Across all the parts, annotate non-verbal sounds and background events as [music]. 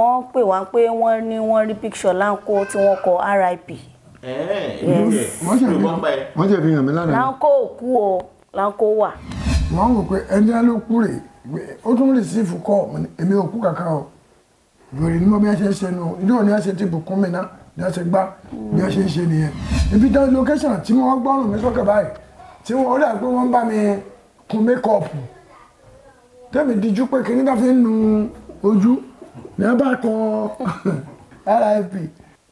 wọ́n pè wá pé wọ́n ní wọ́n rí picture láńkó tí wọ́n kọ RIP. wọ́n jẹ̀bi hàn mí lánàá. láńkó ò kú o láńkó wà. wọ́n wò pé ẹni á ló kú rè ó tún rí sífù kọ́ èmi ò kú kàkà o lórí ní mo bí wọ́n ṣe ń ṣe nu ilé òní àṣẹ ti bùkún mi náà ní wọ́n ṣe gbá bí wọ́n ṣe ń ṣe nìyẹn. ibi tán location tí wọ́n gbọ́rùn mi sókè báyìí tí wọ́n rí àgbẹ̀ wọ́n bá mi kun mékọ̀ọ̀pù tẹ́mi díjú pé kí nígbà fi ń nu ojú ní a bá kan RIP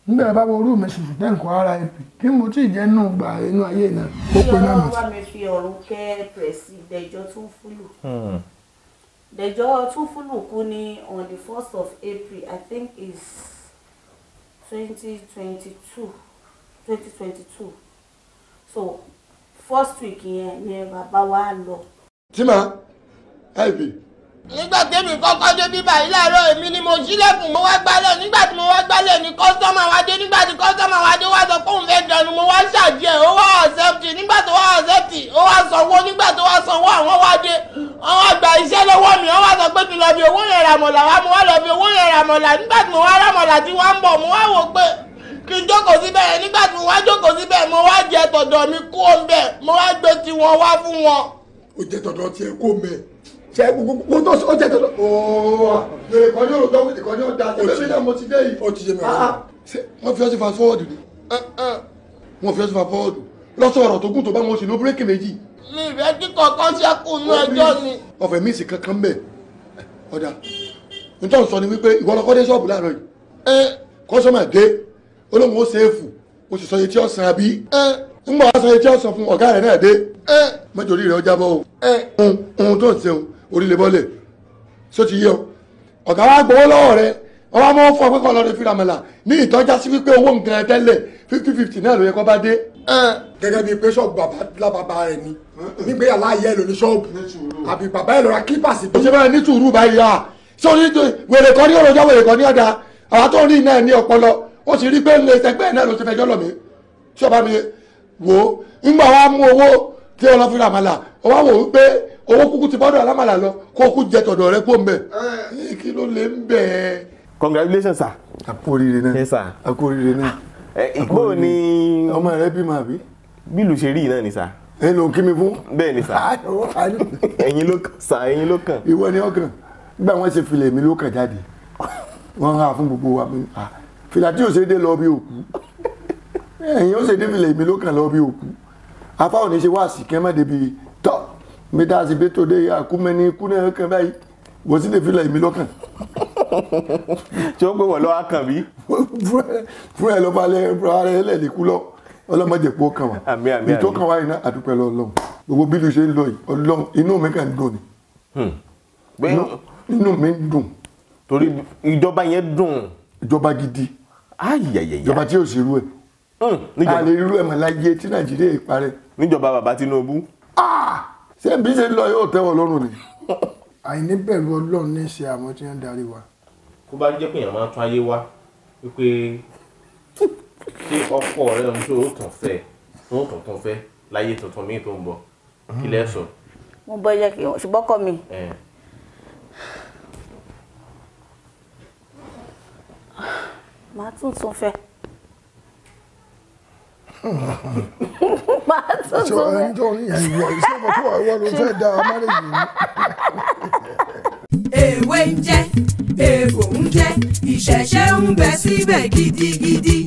nígbà bá wo orú mi ṣùṣù tẹ́ nǹkan RIP kí mo tí ì jẹ́ nù gbà inú ayé náà ó pe náà mọ̀ sí. bí ọlọ́run bá mi fi ọ̀run kẹ́ pẹ̀sì hmm. dẹjọ́ tún fúlù. dẹjọ́ tún fúlù kú ní on the first of April I think is twenty twenty two twenty twenty two so first week yẹn ni bàbá wa lọ. tí màá ẹ̀ bì nígbà tẹ́mi kọ́kọ́ dé bíbá yìí láàárọ̀ èmi ni mo ṣílẹ̀kùn mo wá gbálẹ̀ nígbà tí mo wá gbálẹ̀ ní kọ́sọ́mà wa dé nígbà tí kọ́sọ́mà wa dé wá sọ pé òun fẹ́ dànù mo wá ṣàjì ẹ̀ ó wá ọ̀sẹ́pìtì nígbà tó wá ọ̀sẹ́pìtì ó wá sanwó nígbà tó wá sanwó àwọn wá dé wọ́n wá gba iṣẹ́ lọ́wọ́ mi wọ́n wá sọ pé mi lọ bí owó yẹn ràmọ̀là wá mo wá lọ bí owó yẹn ràmọ̀là nígbà tí mo wá ràmọ̀là tí wọ́n ń bọ̀ mo wá wò pé kí n jókòó síbẹ̀ yẹn nígbà tí mo wá jókòó síbẹ̀ mo wá jẹ tọ̀dọ̀ mi kó ń bẹ̀ mo wá gbé tiwọn wá fún wọn. ó jẹ tọ̀dọ̀ tiẹ̀ kó ń ṣe gbogbo tó ó jẹ tó lọ. ooo lèrè kan ní òrùn dọ́kítì kan ní ọ̀dà àtẹ̀lẹ́sẹ̀ náà mo ti dé yìí. ó ti yé mi ọ̀rọ̀ ah, ah. wọ́n fi ọ́ sí fa fọ́ọ̀dù ni eh, eh. wọ́n fi ọ́ sí fa fọ́ọ̀dù lọ́sọ̀ ọ̀rọ̀ tó gùn tó bá mo sì lo bírèkì méjì. mi ìfẹ́ kí kankan ṣẹ́kù nú ẹjọ́ ni. ọ̀fẹ́ mi sì kankan bẹ̀ eh, ọ̀dà nítorí sọ ni wípé ìwọ lọkọ dé ṣọ́ọ̀bù láàárọ̀ yìí ẹ kọ́sọ́mà dé olóhùn ó ṣèèfù o sì sọ iye tí ó san àbí ń gbọ́ sọ iye tí ó san fún ọ̀gá rẹ̀ náà dé mẹ́jọ orí rẹ̀ ó jábọ̀ o ohun tó ń ṣe o orílẹ̀ bọ́lẹ̀ só ti yí ọ ọ̀gá wa gbowó lọ́wọ́ rẹ wọ́n wá mọ́ fún ọ pé kọ́ lọ́dún fira mọ́là ní ìtọ́já sí wípé owó nǹkan tẹ́lẹ̀ fifty fifty náà ló yẹ kó bá dé. gẹ́gẹ́ bíi pé ṣọ́ọ̀bù bàbá lábàbà rẹ̀ ni nígbé yàrá ayé ẹ̀ ló ní ṣọ́ọ̀bù àbí bàbá ẹ̀ lọ ra kílípà sí. ó ṣe báyìí ní sùúrù báyìí yá ṣé o ní wèrè kan ní òròjọ́ wèrè kan ní ọ̀dà àwọn tó rí náà ní ọpọlọ ó sì rí pé ń lè sẹgbẹ́ náà ló ti fẹjọ́ lọ mí ṣọ́ọ̀bù mi wò ó ń gbà wá mú owó tí ọlọ́fin àmàlà ó wá wò pé owó kúkú ti bọ́dọ̀ alámàlà lọ kó kú jẹ tọ̀dọ̀ rẹ kó mbẹ kí ló lè ń bẹ̀ congratulations sir. àkóríire náà yes sir. àkóríire náà. bó ni ọmọ rẹ bímọ àbí. bí ìlú ṣe rí náà ni sir. ẹ ló ń kí mi fún. bẹ́ẹ̀ ni sir. [laughs] ẹ̀yin ló kàn sir ẹ̀yin ló kàn. ìwọ ni ọkàn nígbà wọn ṣe filẹ̀ mi ló kàn jáde wọn hàn fún gbogbo wa ah, fìlà tí òṣèdè lọ bí òkú ẹ̀yin òṣèdè filẹ̀ mi ló kàn lọ bí òkú afáwọn ní ṣe wá sí kẹ́mọ́ mi tá a sì bẹ́tò dé àkúmẹ́ni ikú náà kàn báyìí wò sí lè fi lọ èmi lọ́kàn. tí ó pè wọ́n lọ́wọ́ kàn bí. fúnra ẹ̀ lọ́ bá ara ẹ̀ lẹ́ẹ̀lẹ́kú lọ ọlọ́mọdé pọ̀ kàn wá ètò kàn wá iná àdúpẹ́ lọ ọlọ́run gbogbo bí lu ṣe ń lọ yìí ọlọ́run inú mi kàn ń dùn ni inú mi ń dùn. torí ìjọba yẹn dùn. ìjọba gidi ìjọba tí yóò ṣe irú ẹ̀ a lè irú ẹ̀ mọ̀ láyé tí nàìjíríà parẹ́. níjọba bàbá Tinubu. ah ṣé bí ṣe ń lọ yóò tẹ́wọ̀ lọ́rùn ni. àìní bẹ̀rù ọlọ́run ní ṣe àwọn tí wọ́n ń darí wa. kó bá jẹ́ pé èèyàn máa tún ayé wá wípé ṣé ọkọ rẹ ń tó tàn fẹ́ ń tàn tàn fẹ́ láyé tuntun míì tó ń bọ̀ kí lẹ́ sọ. mo bọ yẹ kí ṣùgbọ́n kọ mi. màá tún tún fẹ́. [laughs] máa tuntun bẹ́ẹ̀. ẹni tó ń yàn ìwọ ìṣòwò tó wà ìwọ ló fẹ́ da [laughs] èwe ń jẹ́ èèbò ń jẹ́ ìṣẹ̀ṣẹ̀ ń bẹ síbẹ̀ gidigidi.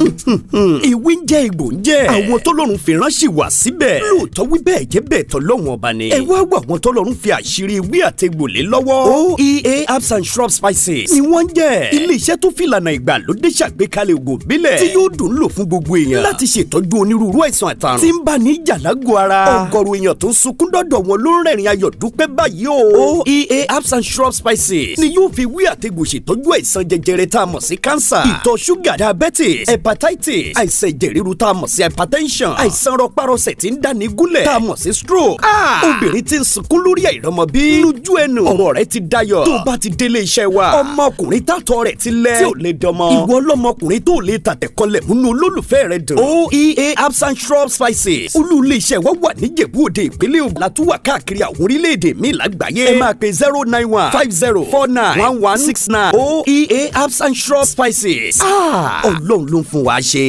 ìwé ń jẹ́ egbò ń jẹ́ àwọn tọ́lọ́run fi ránṣì wá síbẹ̀ lóòótọ́ wí bẹ́ẹ̀ jẹ́ bẹ́ẹ̀ tọ́lọ́run ọba ni. ẹ wá wà wọn tọ́lọ́run fi àṣírí ìwé àtẹ̀gbòlé lọ́wọ́ oea herbs and shrubs spices ni wọ́n ń jẹ́ iléeṣẹ́ tó fìlànà ìgbàlódé ṣàgbékalẹ̀ ògùn bílẹ̀ tí yóò dùn lò fún gbogbo èèyàn láti ṣètọ́jú onírúurú àìsàn àtàrùn tí ń bá ní jàlágò ara ọ̀gọ̀rọ̀ èèyàn tó ń sunkún dọ́dọ̀ wọn ló ń rẹ̀rìn ayọ̀ dúpẹ́ báyìí o oea herbs and shrub spices ni yóò fi wí àtẹ̀gùn ṣètọ́jú àìsàn jẹjẹrẹ tá a mọ̀ sí cancer ìtọ̀ ṣúgà diabetes hepatitis àìsàn ẹ̀jẹ̀ ríru tá a mọ̀ sí hypertension àìsàn rọpárọsẹ̀ tí ń dáni gúnlẹ̀ tá a mọ̀ sí stroke ah! obìnrin tí ń sunkún lórí àìrọ́mọ bí lójú ẹnu ọ̀rọ̀ rẹ ti dayọ̀ tó bá ti délé iṣẹ́ wa ọmọkùnrin tàtọ̀ rẹ̀ ti lẹ̀ tí ò lè dọmọ ìwọ ọlọ́mọkùnrin tó lè tàtẹ̀kọlẹ̀ múnú olólùfẹ́ rẹ dùn oea absent shrub spices olú ilé iṣẹ́ wa wà níjẹ̀bú òde ìpínlẹ̀ ògùn látúwà káàkiri àwọn orílẹ̀-èdè míì lágbàáyé ẹ máa pe zero nine one five five zero four nine one one six nine oea herbs and shrub spices. Ah! ọlọ́run ló ń fún wa ṣe.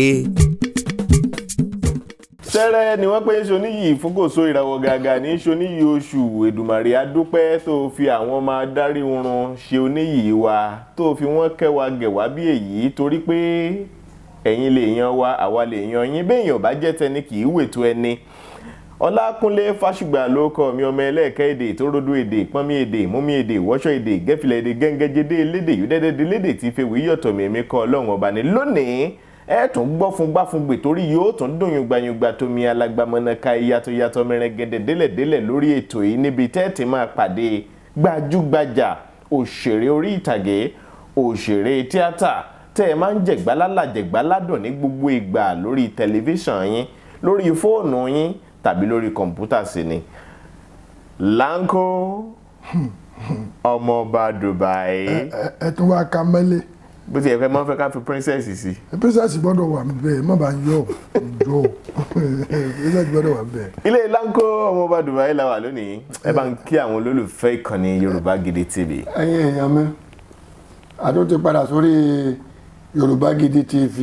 sẹ́rẹ́ ni wọ́n pé ṣoníyì fúnkòso ìràwọ̀ gàgà ní ṣoníyì oṣù èdùmàrè adúpẹ́ tó fi àwọn ọmọ adarí oorun ṣe oníyì wa tó fi wọ́n kẹwàá gẹ̀wá bí èyí torí pé ẹ̀yin lè yan wa àwa lè yan yín bẹ́ẹ̀ yàn bá jẹ́ tẹni kì í wètò ẹni ọlákúnlé fásùgbà ló kọ mi ọmọ ẹlẹ́ẹ̀kẹ́ èdè tó rodo èdè pọ́nmi èdè múmi èdè wọ́ṣọ èdè gẹ́fìlẹ̀ èdè gẹ́ngẹ́jẹdé elédè yúdẹ́dẹ́dẹ́ elédè tí fèwé yọ̀tọ̀ mímí kọ́ ọlọ́run ọba ni lónìí ẹ tún gbọ́ fún gbáfúngbè torí yóò tún dùn yungbanyungba tómi alágbàmọ́nàka ìyàtọ̀yàtọ̀ mẹrẹgẹdẹ délẹ̀délẹ̀ lórí ètò yìí níbi tẹ́ẹ̀tì máa pàdé gbajúgbajà òṣèré orí ìtàgé òṣèré tíátà tẹ́ ẹ máa ń jẹ̀gbálálà jẹ̀gbáládùn ní gbogbo ìgbà lórí tẹlifíṣàn yín lórí fóònù yín tàbí lórí kọ̀ǹpútà sí ni lanko ọmọọba Dubai. ẹ tún wá ka mẹ́lẹ̀. bó ti yẹ fẹ́ mọ́ fẹ́ ká fi princess sí. princess gbọ́dọ̀ wà bẹ́ẹ̀ má bàa yọ jọ princess gbọ́dọ̀ wà bẹ́ẹ̀. ilé lanko ọmọọba Dubai la wà lónìí ẹ bá ń kí àwọn olólùfẹ́ ìkànnì Yorùbá Gidi TV. ẹ̀yin èèyàn mi àtún ti padà sórí Yorùbá Gidi TV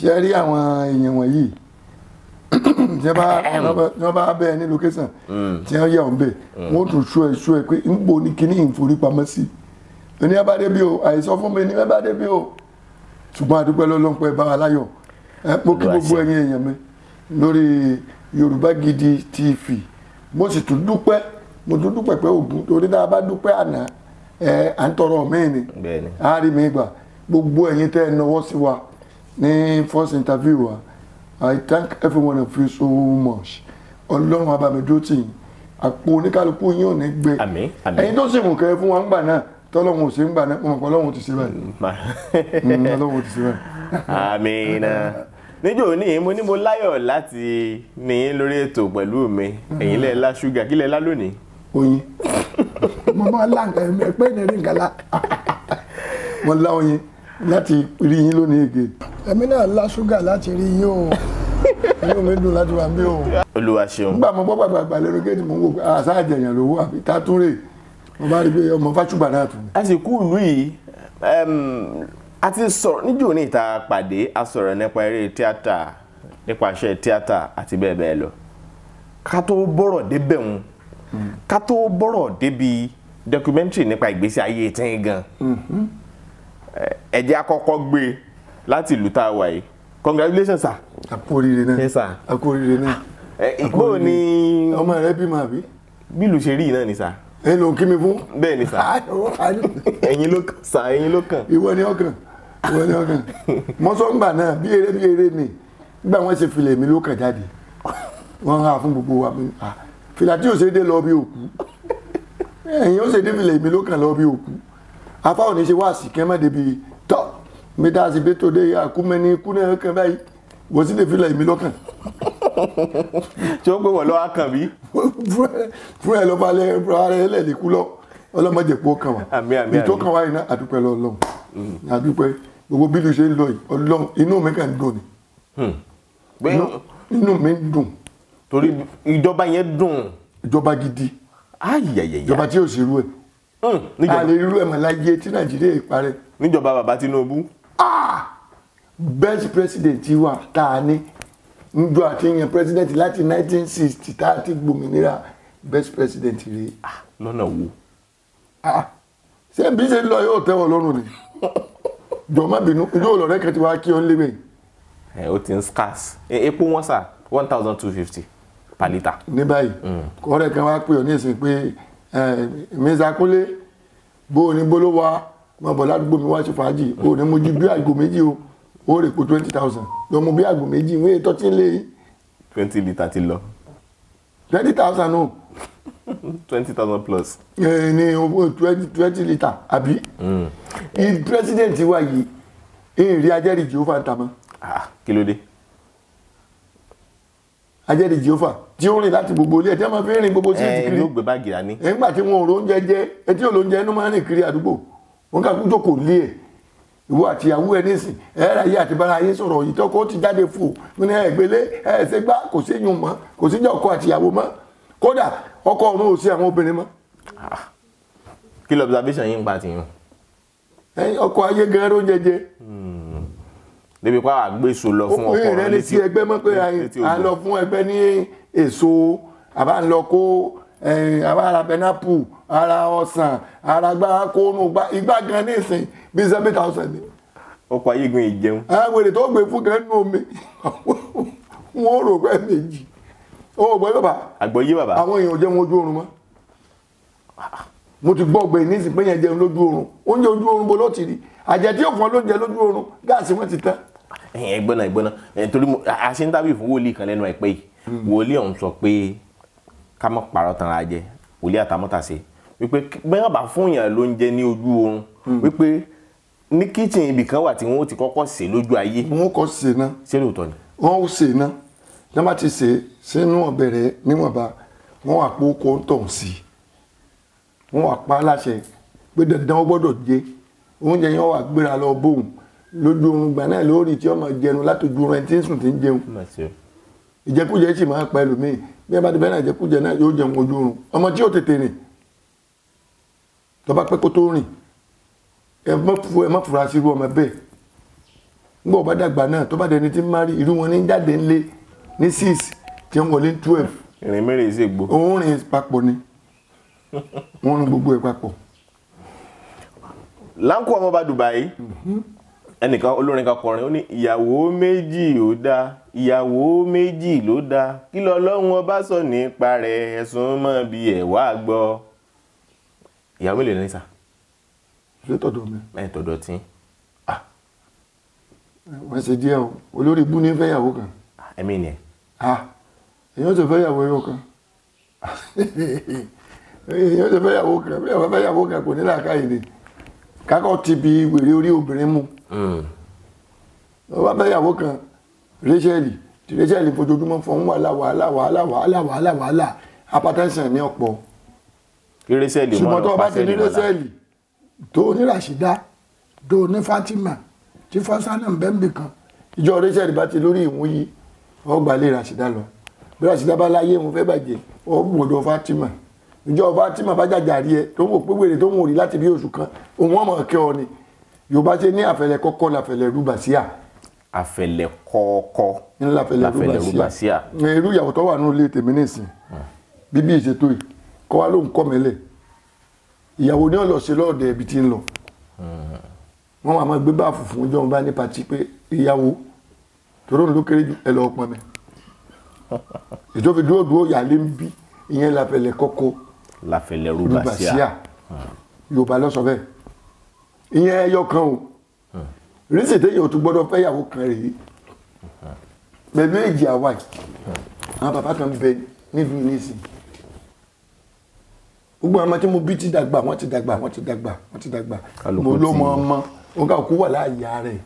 ṣe rí àwọn èèyàn wọ̀nyí tí wọ́n bá bẹ́ẹ̀ ní location mm. tí wọ́n yà ọ́n bẹ̀ mm. wọ́n tún ṣú ẹ̀ ṣú ẹ̀ pé ń bo ní kíní ìforípamọ́ sí i ní ẹ bá dé bí o àìsàn fún mi ní ẹ bá dé bí o ṣùgbọ́n àdúgbò lọ́lọ́pẹ́ bá wa láyọ̀ mo kí gbogbo ẹ̀yin èèyàn mi lórí Yorùbá Gidi TV mo sì tún dúpẹ́ mo tún dúpẹ́ pé ògùn torí náà bá dúpẹ́ àná ẹ̀ à ń tọrọ míì ni a rí mi gbà gbogbo ẹ̀yin tẹ́ ẹ náwó sí wa ní first interview wa. Uh, I thank everyone of you so much. Ọlọ́run abamidó tì yín. Àpò oníkálukú yín ò ní gbé. Àmín àmín. Ẹ̀yin tó sì mú kẹrẹ fún wa ń gbà náà tọ́lọ́run ò sí ń gbà náà mo mọ̀ pé Ọlọ́run ti ṣe báyìí. Mm, mm, Ọlọ́run ti ṣe báyìí. Àmín náà ní mo ní mo láyọ̀ láti ní lórí ètò pẹ̀lú mi ẹ̀yin lẹ lá ṣúgà kí lẹ lá lónìí. oyin mo máa lá nǹkan ẹgbẹ́ ìnáwó nǹkan lá mo lá oyin láti rí yín lónìí èké èmi náà lá ṣúgà láti rí yín o inú mi dùn láti wà ń o. olúwa ṣeun. nígbà mo gbọ́ bàbá àgbà lẹ́nu géètì mo ń wò pé àṣà àjẹyàn lówó àbí tátúrè mo bá rí pé ọmọ fàṣùgbà náà tún. a sì kú ìlú yìí a ti sọ̀rọ̀ níjò ní ìta pàdé a sọ̀rọ̀ nípa eré tíátà nípasẹ̀ tíátà àti bẹ́ẹ̀ bẹ́ẹ̀ lọ ká tó bọ̀rọ̀ débẹ̀ wọn ká tó bọ̀rọ̀ débi documentary nípa ìgbésí ayé tí ń gan mm-hmm. ẹ̀jẹ̀ àkọ́kọ́ gbé e láti ìlú tá a wà yìí congratulations sir. àkóríire náà yes sir. àkóríire náà. Eh, ìgbó ni. ọmọ rẹ bímọ àbí. bí ìlú ṣe rí náà ni sir. ẹ ló ń kí mi fún. bẹ́ẹ̀ ni sir. [laughs] ẹ̀yin ló kàn sir ẹ̀yin ló kàn. ìwọ ni ọkàn ìwọ ni ọkàn [laughs] mọ́sọ́ngbà náà bí eré bí eré ni nígbà wọ́n ṣe filẹ̀ mi ló kàn jáde wọ́n há fún gbogbo wa ah, fìlà tí yóò ṣe dé lọ bí òkú ẹ̀yin yóò filẹ̀ mi ló kàn lọ bí òkú afáwọn ní ṣe wá sí kẹ́mọ́ débi tọ́ mi tá a sì bẹ́tò dé àkúmẹ́ni ikú náà kan báyìí wò sí lè fi lọ èmi lọ́kàn. tí ó pè wọ́n lọ́wọ́ kàn bí. fúnra ẹ̀ lọ́ bá lẹ́ fúnra ẹ̀ lẹ́ lè kú lọ ọlọ́mọdé kó kàn wá. ìtò kàn wá iná àdúpẹ́ lọ lọ́hùn àdúpẹ́ mm. gbogbo bí lu ṣe ń lọ yìí ọlọ́hùn inú mi kàn ń dùn ni. Hmm. inú mi ń dùn. torí ìjọba yẹn dùn. ìjọba gidi. ìjọba tí yóò ṣerú ẹ̀. Hmm, a lè rú ẹ̀ mọ̀ láyé tí Nàìjíríà ìparẹ́. níjọba bàbá Tinubu ah best president wa tá a ní njọ àti yan president láti 1960 tá a ti gbòmìnira best president rèé. Ah, lọ́nà wo. Ah, ṣé bí ṣe lọ yóò tẹ́wọ̀ lọ́rùn ni jọ̀ọ́ má bínú yóò lọ rẹ́kẹ̀tì wá kí ọ ń lébẹ̀. ẹ o ti ń scarce e, epo wọn sà one thousand two fifty per litre. ní báyìí mm. kọ́rẹ́ kan wá pè ọ́ ní ìsìn pé mr kúnlé bó o ní bó ló wá máa bọ̀ ládùúgbò mi wá ṣe fàájì o ní mo ju bí àgò méjì o ó rè po twenty thousand lọ mo bí àgò méjì wọ́n èyí tọ́tí lé yìí. twenty litre ti lọ. twenty thousand o. twenty thousand plus. ẹ ní owó twenty twenty litre àbí. i hmm. president wa yìí ìrìn ajẹ́rìí Jèhófà ń ta mọ́. kí ló dé ajẹ́rìí jehova tí ó rìn láti gbogbo ilé ẹ̀ tí wọ́n máa fi rìn gbogbo sí ìdíkiri ẹ̀ ló gbé báàgì dání. ẹ̀ ńgbà tí wọn ò róúnjẹ jẹ etí ò lóúnjẹ inú máa ń rìn kiri àdúgbò wọn kà kújọ kò lé ẹ e. ìwọ àti ìyàwó ẹ nísìn ẹ ra àti bára yé sọ̀rọ̀ yìí tọkọ ti jáde fò ní ẹgbẹlẹ ẹsẹ gbá kò sí yùn mọ́ kò sí jẹ ọkọ àti ìyàwó mọ́ kódà ọkọ ọrùn ò sí àwọn obìnrin mọ́. Ah, kí ló observation yìí ń pa tìyàn. ẹyin ọkọ ayé gan ló jẹjẹ. Hmm. débi pa àgbèso lọ fún ọkọ rẹ létí òkú rẹ létí ẹgbẹ́ mọ̀ pé à ń lọ fún ẹgbẹ́ ní èso àbá ń lọ kó Eh, ara pẹnápù ara ọsàn ara gbára kóónù igbá gan ní ìsìn bíi seven thousand ni. ọkọ ayégun ìjẹun. àwọn èrè tó gbé fún gan nù mí wọn ò rò pé méjì ó gbọ́ bàbá. àgbọ̀yé bàbá. àwọn èèyàn jẹun ojú oorun mọ́ mo ti gbọ́ ọgbẹ́ ní ìsìn pé yẹn jẹun lójú oorun oúnjẹ ojú oorun bo ló ti rí àjẹ tí yóò fún ọ lóúnjẹ lójú oorun gáàsì wọn ti tán. ẹ̀gbọ́n náà ẹ̀gbọ́n náà torí a ṣe ń dábì fún wòlíì kan lẹ́nu àìpẹ́ yìí hmm. wòlíì ọ̀hún sọ pé ká má parọ́ tanra jẹ wòlíì àtàmọ́tàsé wípé bẹ́ẹ̀ bá fún yàn ló ń jẹ ní ojú oorun hmm. wípé ní kíchìn ibì kan wà tí wọ́n ti kọ́kọ́ sè lójú ayé. wọ́n kọ́ sè ná. ṣé lóòótọ́ ni. wọ́n ó sè ná ní wọ́n bá ti sè sínú ọ̀bẹ rẹ̀ níwọ̀nba wọ́n wà pé ó kó tọ̀hún sí i wọ́n wà pa á láṣẹ pé dandan ó gbọ́dọ̀ jẹ oúnjẹ yẹn wà gbéra lọ bóun lójú oorun gbà náà lórí tí ọmọ jẹun látòjú oorun ẹni tí ń sùn ti ń jẹun ìjẹkújẹ sì máa pa ẹlòmíì bí ẹ bá ti fẹ́ràn ìjẹkújẹ náà yóò jẹun ojú oorun ọmọ tí yóò tètè rìn tó bá pẹ́ kó tó rìn ẹ má fura sí irú ọmọ bẹ́ẹ̀ nígbà ọba dàgbà náà tó bá dẹni tí ń mari irú wọn ní jáde ńlé ní six tí wọn wọlé ní twelve. ìrìn mẹ́rin sí ègbò. òun rìn papọ̀ ni wọ́n rìn gbogbo ẹ̀ papọ̀. láńkù ọmọ bá Dubai. Mm ẹnìkan olórin kan kọrin ó ní ìyàwó méjì ó dá ìyàwó méjì ló dá kí lọ lọ́hùn ọba sọ nípa rẹ̀ ẹ̀sùn mọ́ bí ẹ̀ wá gbọ́. ìyàwó mélòó ní sà. ṣé tọ̀dọ̀ mi. ẹ tọ̀dọ̀ tí. wọ́n ṣe díẹ̀ o olórí ibú ní fẹ́yàwó kan. ẹ̀mí ni ẹ̀. èèyàn ti fẹ́yàwó ẹyọ kan èèyàn [laughs] ti fẹ́yàwó kan bí àwọn fẹ́yàwó kan kò ní làákàyè ni kákọ́ ti bi wèrè orí obìnrin mu ló hmm. bá fẹ́yàwó kan rachel tí rachel la fọ́ la wàhálà la wàhálà la wàhálà la apatẹ́sàn ní ọ̀pọ̀ ṣùgbọ́n tó bá ti ní rachel tó ní rashida tó ní fatima tí fọ́sánà ń bẹ́ẹ̀ bì kan ìjọ rachel bá ti lórí ìwọ̀n yìí ọgbà lè rashida lọ bí rashida bá láyé òun fẹ́ bàjẹ́ ọgbọ̀dọ̀ fatima ìjọba tí màá bá jàjàrí ẹ tó ń wò pé wèrè tó ń wòrí láti bí oṣù kan òun ọmọ kẹ ọ ni yorùbá ṣe ní àfẹlẹ kọkọ làfẹlẹ rúbà síà. àfẹlẹ kọọkọ làfẹlẹ rúbà síà. irú ìyàwó tó wà nínú ilé tèmi nìsín bíbí ìṣètò yìí kọ́ wa ló ń kọ́ mẹ́lẹ̀ ìyàwó ní ọ̀lọ́ ṣe lọ́ọ̀dẹ̀ ibi tí ń lọ. wọ́n wà máa gbé báàfù fún jọ́n bá ní pati pé ìyàwó tòró ló kéré jù ẹ lọ́ọ́ pọn mi. [laughs] ètò fi dúró dúró yà lé ń bí ìyẹn làfẹlẹ kọ́kọ́ láfẹlẹ rúbàṣíà hmm. yorùbá ló sọ bẹ́ẹ̀ ìyẹn ẹyọ kan o rísì hmm. téèyàn tún gbọ́dọ̀ fẹ́yàwó kan rèé pẹ̀lú hmm. èjì àwa yìí àwọn bàbá kan bẹ nílùú nísìn gbogbo àwọn tí mo bí ti dàgbà wọ́n ti dàgbà wọ́n ti dàgbà wọ́n ti dàgbà mo ló mọ ọmọ òun kà kú wà láàyè rẹ̀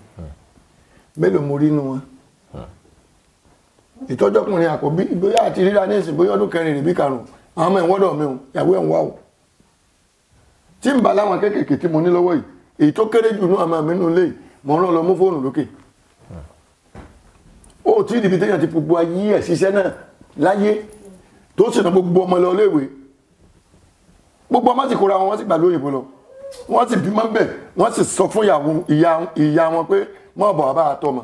mélòó mo rí inú wọn ìtọ́jọ́kùnrin àkọ́bí bóyá àti ríra ní ìsìn bóyá ọdún kẹrin rèébí karùn-ún àwọn ọmọ ìwọ́dọ̀ mi ò ìyàwó ẹ̀ ń wá o tí ń bá láwọn kéékèèké tí mo ní lọ́wọ́ yìí èyí tó kéré jù ní ọmọ mi nù lé mọ̀ ń lọ mú fóònù lókè ó tí ìdìbí téèyàn ti gbogbo ayé ẹ̀ ṣiṣẹ́ náà láyé tó sì ná gbogbo ọmọ lọ léèwé gbogbo ọmọ sì kóra wọn wọ́n sì gbàgbé òyìnbó lọ wọ́n sì bímọ bẹ̀ wọ́n sì sọ fún ìyá wọn pé mọ́ bọ̀ bá a tọ́mọ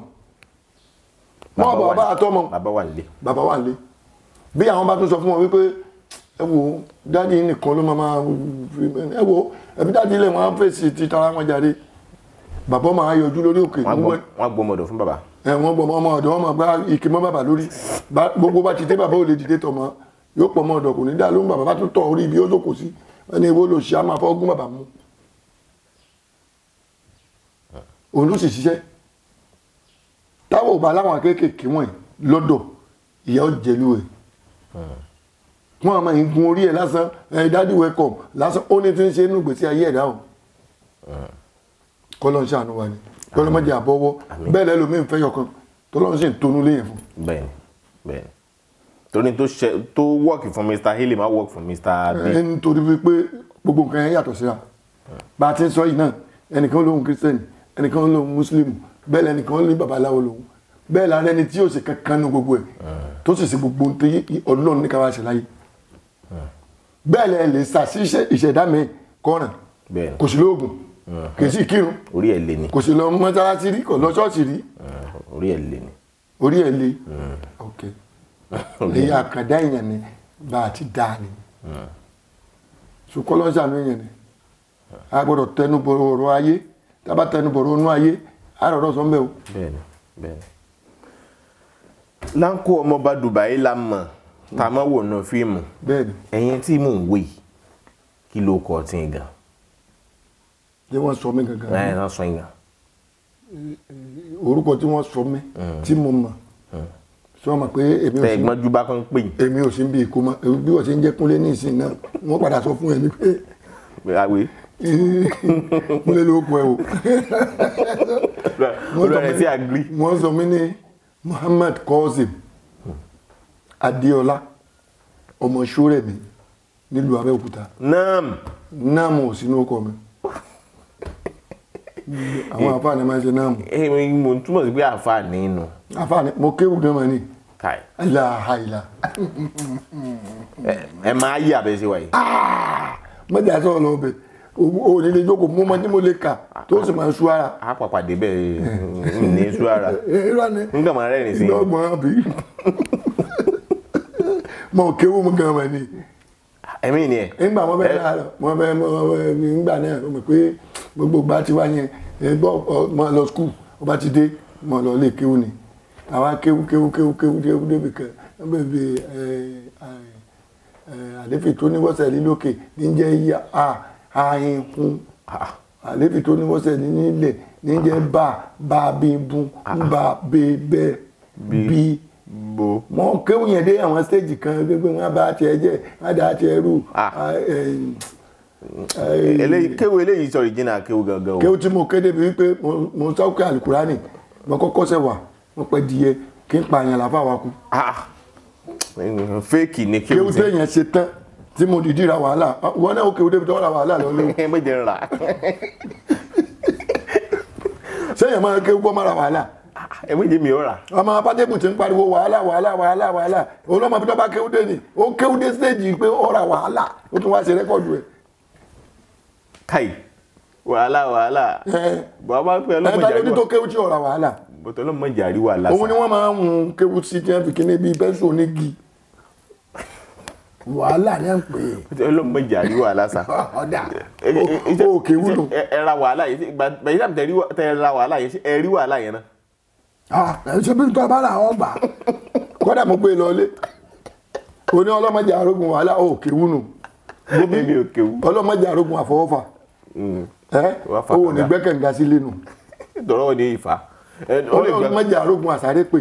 mọ́ bọ̀ bá a tọ́mọ bàbá wà nílé bí àwọn bá tún sọ fún wọn wípé ẹ wo dáàdi nìkan ló máa ẹ wo ẹbí dáàdi ilẹ̀ wọn á fèsì ti tara wọn jáde bàbá máa yọjú lórí òkè. wọn gbọmọdọ fún bàbá. ẹ wọn gbọmọ ọdọ wọn máa gbá ìké mọ bàbá lórí gbogbo bá ti dé bàbá ò lè dìde tọmọ yóò pọ̀ mọ́ ọ̀dọ̀ kò ní dá lóhùn bàbá bá tún tọ̀ orí ibi ó lòkò sí ẹni ìwọ lòṣì á máa fọ́ gún bàbá mú òun ló sì ṣiṣẹ́ táwọn ò bá láwọn akéékèèké wọ̀nyí lọ́dọ̀ ìyá ọ̀jẹ̀lú ẹ̀ hmm wọn àmọ́ ìgun orí ẹ̀ lásán ẹ̀ dádì welcome lásán ó ní tí ń ṣe inú ìgbésí ayé ẹ̀dá o kọ́lọ́ ń ṣàánú wa ni kọ́lọ́ mọ́jà àbọ̀wọ́ bẹ́ẹ̀ lẹ́lòmíì ń fẹ́ yọkan tọ́lọ́run sì ń tonú léyìn fún. bẹ́ẹ̀ni bẹ́ẹ̀ni torí tó ṣe tó work for Mr Haley má work for Mr B. ẹ nítorí wípé gbogbo nǹkan yẹn yàtọ̀ síra hmm. bá a ti ń sọ yìí náà ẹnìkan lòun kírísítẹ́nì ẹnìkan lòun mùsùlùmù bẹ́ẹ̀ lẹ́nìkan lòun babaláwo lòun bẹ́ẹ̀ lára ẹni tí yóò ṣe kankan nu gbogbo ẹ̀ hmm. tó sì ṣe gbogbo ohun tí Ọlọ́run ní ká ṣe láyé bẹ́ẹ̀ lẹ lè sà sí ìṣẹ̀dá mi kọ́ràn kò sí lóògùn kì í sì kírun orí ẹ̀ lè ní kò sí lọ mọ́sálásí rí kò lọ ṣọ́ọ̀ṣì rí orí ẹ̀ lè ní orí ẹ̀ lè ok lèyí [laughs] àkàndá èèyàn ni bá a ti dá ni ṣùkọ́ lọ́sàn mi yẹn ni a gbọ́dọ̀ tẹnu bọ̀rọ̀ ọ̀rọ̀ ayé tábà tẹnu bọ̀rọ̀ ọ̀nú ayé a rọ̀rọ̀ sọ mẹ́ o. bẹ́ẹ̀ni bẹ́ẹ̀ni láńkó Dubai la mọ̀ tá a máa wò nù fíìmù ẹ̀yin tí mò ń wò yìí kí ló kọ ọtí gan. ṣé wọ́n sọ mí gangan. ẹ̀ ẹ̀ sọ yín gan. orúkọ tí wọ́n sọ mí mm. tí mo mọ̀ sọ mm. ma pé èmi ò sí tẹ̀gbọ́n ju bá kan pè yín. èmi ò sí bí ikú mọ bí wọ́n ṣe ń jẹ́ kúnlé ní ìsìn náà wọ́n padà sọ fún ẹni pé. àwẹ̀. [laughs] kúnlé ló kọ ẹ o. olùrẹ̀ sí àgírí. wọ́n sọ mí ní Muhammad Qasim adéọlá ọmọ ṣúrẹ̀mí nílùú abẹ́òkúta. nam. nam ò sínú ọkọ mi àwọn àfààní máa ń ṣe náà mọ̀. mo túmọ̀ sí pé àfààní nù. àfààní mo kéwù náà máa ní. káì. àìlà àìlà. ẹ máa yí àbẹ sí wa yìí. Ah, mọ̀jà sọ̀rọ̀ lọ bẹ̀ o ní lè jókòó mú ọmọdé mo lè kà tó sì máa ń sú ara. a pàpà débẹ̀ ní sú ara. Eh, nígbà máa rẹ̀ ní sí. lọ́gbọ̀n àbí mọ̀ kéwù mú gan wọn ni. ẹ̀mí ni ẹ̀. nígbà wọn bẹ náà wọn bẹ nígbà náà mo mọ̀ pé gbogbo ìgbà tí wá yẹn ẹgbọ́ mọ lọ skul ó bá ti dé mọ lọ lè kéwù ni àwa kéwù kéwù kéwù kéwù kéwù débi kan bèbè àléfì tó ní wọ́sẹ̀ ní lókè ní jẹ́ yíya àhìn hun ah, ah. àléfì tó ní wọ́sẹ̀ ní nílẹ̀ ní jẹ́ bá bá bí bun ah, bá bẹ́ẹ̀ bẹ́ẹ̀ bí bo. wọn kéwù yẹn dé àwọn stage kan gbégbé wọn bá tiẹ̀ jẹ wọn dá tiẹ̀ rú. eléyìí kéwù eléyìí sọ ìjìnà kéwù gangan o. kéwù tí mo kéde bíi pé mo sọ alukurani mo kọ́kọ́ sẹ wà mo pẹ diẹ kí n pa àyàn làbá wa kú. fẹ́ẹ̀kì ni kéwù tẹ. kéwù tẹ yẹn ṣe tán tí mo dìdí ra wàhálà wọn náà kéwù débi tó ra wàhálà lọ lórí. [laughs] méje ń rà. sẹ́yìn máa kéwù kọ́ máa ra wàhálà ẹ̀mí di mi ò rà. ọmọ apátẹ́kùn ti ń pariwo wàhálà wàhálà wàhálà wàhálà olómọ bí dọ́ba kéwúdé ni ó kéwúdé stéèjì pé ó ra wàhálà ó tún wá ṣe rẹ́kọ̀dù ẹ̀. káyì wàhálà wàhálà bàbá pé ọlọ́mọ ìjà rí wa ẹ̀ẹ́dá ló ní tó kéwú tí ò ra wàhálà. bọ́tọ̀ ọlọ́mọ ìjà rí wa lásán. òun ni wọ́n máa ń hun kéwú sí tí wọ́n fi kíní bíi bẹ́sù onígi wàhálà ni à ń pè é. ọlọ́mọ ìjà rí [laughs] Ah, ṣe bí tó bá làwọn gbà. kọ́dà mo gbé e lọ ilé oní ọlọ́mọdé arógun wàhálà ò kéwú nù gómìnà ọlọ́mọdé arógun àfọwọ́fà owó mm. ní gbẹ́kẹ̀ǹga sílé nù. dọ̀rọ̀ ní ìfà. ọlọ́mọdé arógun àsáré pè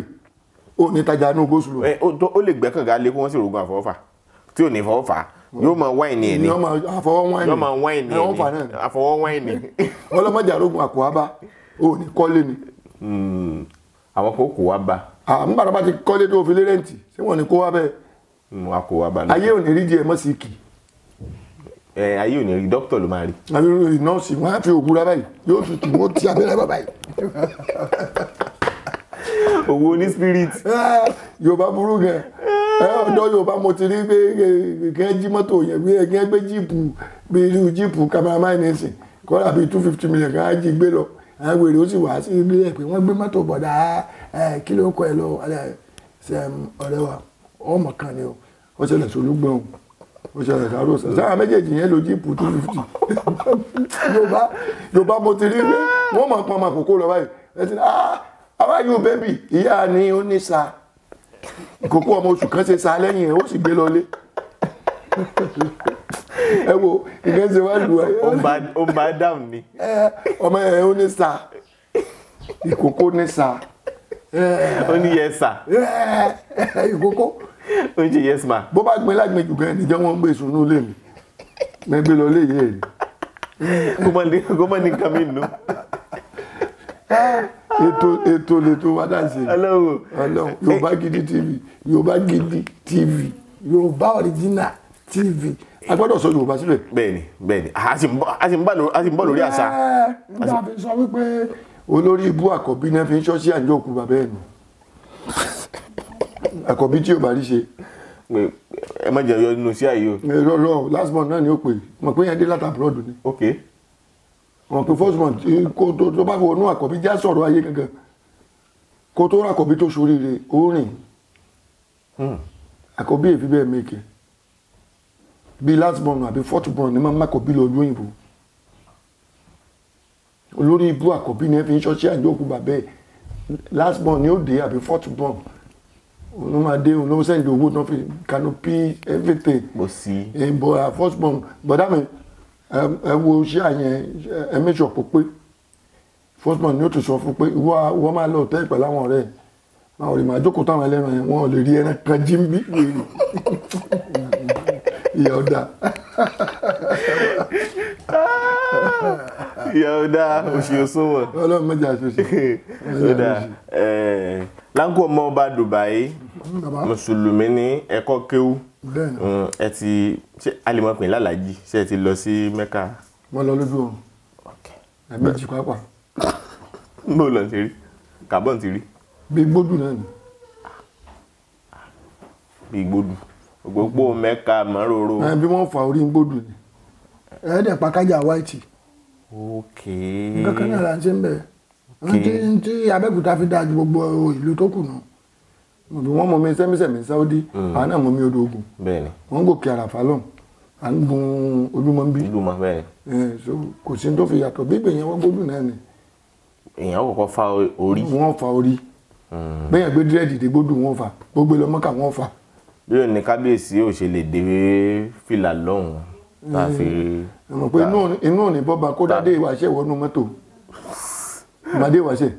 ó ní tajà ní ogóṣù lò. ó lè gbẹ́kẹ̀ǹga lé kí wọ́n sì rogun àfọwọ́fà tí ò ní fọwọ́fà yóò máa wáìnì ẹ̀ ni yóò máa wáìnì ẹ̀ ni àfọwọ́ wáìnì. ọlọ́mọdé arógun àkùhábá ò ní kọ́lé ni. Mm àwọn kò kó wá bá. àwọn bàbá ti kọ́lé tó fi lé rẹ́ǹtì ṣé wọ́n ní kó wá bẹ́ẹ̀. wọn kò wá bá náà. ayé ò ní rí jẹ mọ́ sí kì. ẹ ayé ò ní rí dókítà ló máa rí. àbí nọ́ọ̀sì wọn á fi òwúra báyìí yóò tutù wọn ti abẹ́rẹ́ bàbá yìí. owó ní spirit. yorùbá burú gan ọ̀dọ̀ yorùbá mo ti rí pé kẹ́ jí mọ́tò yẹn bí kẹ́ gbé jíìpù bí irú jíìpù kámẹ́rámà ẹ̀ kọ́lá bíi two fifty million kan á jí gbé lọ wèrè ó sì wá sí ilé ẹ̀ pé wọ́n gbé mọ́tò bọ̀dá kí ló kọ ẹ lọ um, ọ̀rẹ́ wa ọmọ kan ni o ó ṣẹlẹ̀ sólúgbọ̀n ó ṣẹlẹ̀ sáròsà sáà méjèèjì yẹn ló jíìpù two fifty yorùbá yorùbá mo ti rí pé wọ́n mọ̀ pọn ọmọ àkókò lọ báyìí ẹ ti ní ah how are you baby ìyá ni ó ní sa kókó ọmọ oṣù kan ṣe sa lẹ́yìn ẹ̀ ó sì gbé lọ lé ẹ wo nǹkan ṣe wá lu ẹ. ó ń dáhùn ni. ọmọ ẹ ó ní sà ìkókó ní sà. ó ní yẹ sà. ìkókó. ó ń ṣe yẹ sà. bó bá gbin lágbin jù gan ẹnìjọ́ wọn ń gbé ìṣúná lé mi mẹ́gbẹ́ lọ lé yé mi. ní nǹkan nù ètò ètò lètò wa dá sí ọlọ́run ọlọ́run Yorùbá Gidi TV Yorùbá Gidi TV Yorùbá original TV a gbọ́dọ̀ sọ yorùbá sílẹ̀. bẹ́ẹ̀ni bẹ́ẹ̀ni a sì ń bọ̀ lórí àṣà. nígbà fi sọ wípé olórí ibú àkọ́bí náà fi ń ṣọ́ọ̀ṣì àjọ òkú bàbá ẹ̀ nù àkọ́bí tí yóò bá rí ṣe. ẹ má jẹ́ yọnu sí àyè o. ẹ lọ last month náà ni ó pè mọ̀ pé yẹn dé láti abroad ni. ok. mọ̀ pé first month eh, kó tó bá wọnú àkọ́bí já sọ̀rọ̀ ayé gangan kó tó rà àkọ́bí tó ṣoríire ó rìn hmm. àkọ́bí èfi bẹ́ẹ̀ mẹ́kẹ̀ẹ́ bíi last born àbí fourth born ni màmá àkọ́bí lọ lú òyìnbó olórí ibú àkọ́bí ni ẹ fi ń ṣọ́ṣẹ́ àìdó òkú last born ni ó dé àbí fourth born òun máa dé òun ló sẹ́ndì owó tó fi canopy everything kò sí ìbò eh, uh, first born bọ̀dá mi ẹ wo iṣẹ́ àyẹn ẹ mẹ́sọ̀ pé pé first born ni ó ti sọ fún pé wọ́n máa lọ tẹ́ ìpẹ́ láwọn ọ̀rẹ́ ẹ̀ máa rí màá jókòó táwọn ẹlẹ́ran yẹn wọ́n lè rí ẹran kan jí ń bí yọ̀ọ̀dà. yọ̀ọ̀dà oṣù òṣùwọ̀n. ọlọ́run mẹ́jà ṣoṣù. yọ̀ọ̀dà láńkó ọmọ ọba Dubai mùsùlùmí ní ẹ̀kọ́ kéwú mm, ẹ ti ṣe alimọ̀pin lálàjì ṣe ti lọ sí Mẹ́kà. wọ́n lọ lójú oorun ẹ̀mẹ́jì pápá. mo lọ ti rí carbon ti rí. bí gbódù náà ògbógbò mẹ́ka mọ́ròrò. bí wọ́n fa orí ń gbódùn ni ẹ̀ẹ́dẹ̀ pàkájà wáìtì. ok kankan náà la ń ṣe ń bẹ̀ tí abẹ́kúta fi dáa ju gbogbo ìlú tó kù nù bí wọ́n mọ̀ mi sẹ́mísẹ́mí sáúdí hmm. àwọn náà mọ̀ mi odò ogun wọ́n gòkè àràfà lọ́n à ń gun ojúmọ́ ń bí kò sí tó fi yàtọ̀ bí ìgbìyànjú wọn gbódùn náà ni. èèyàn kọ́kọ́ fa orí. wọ́n fa orí hmm. bẹ́ẹ̀ gbé dírẹ́dì dé gbódùn wọn fa gbogbo ìlọmọ́kà wọn fa bí òní kábíyèsí ò ṣe lè dé fìlà lọ́hùn tá a fi. àmọ́ pé inú òní bọ́ba kó dádé ìwàṣẹ́ wọnú mọ́tò ìmàdé ìwàṣẹ́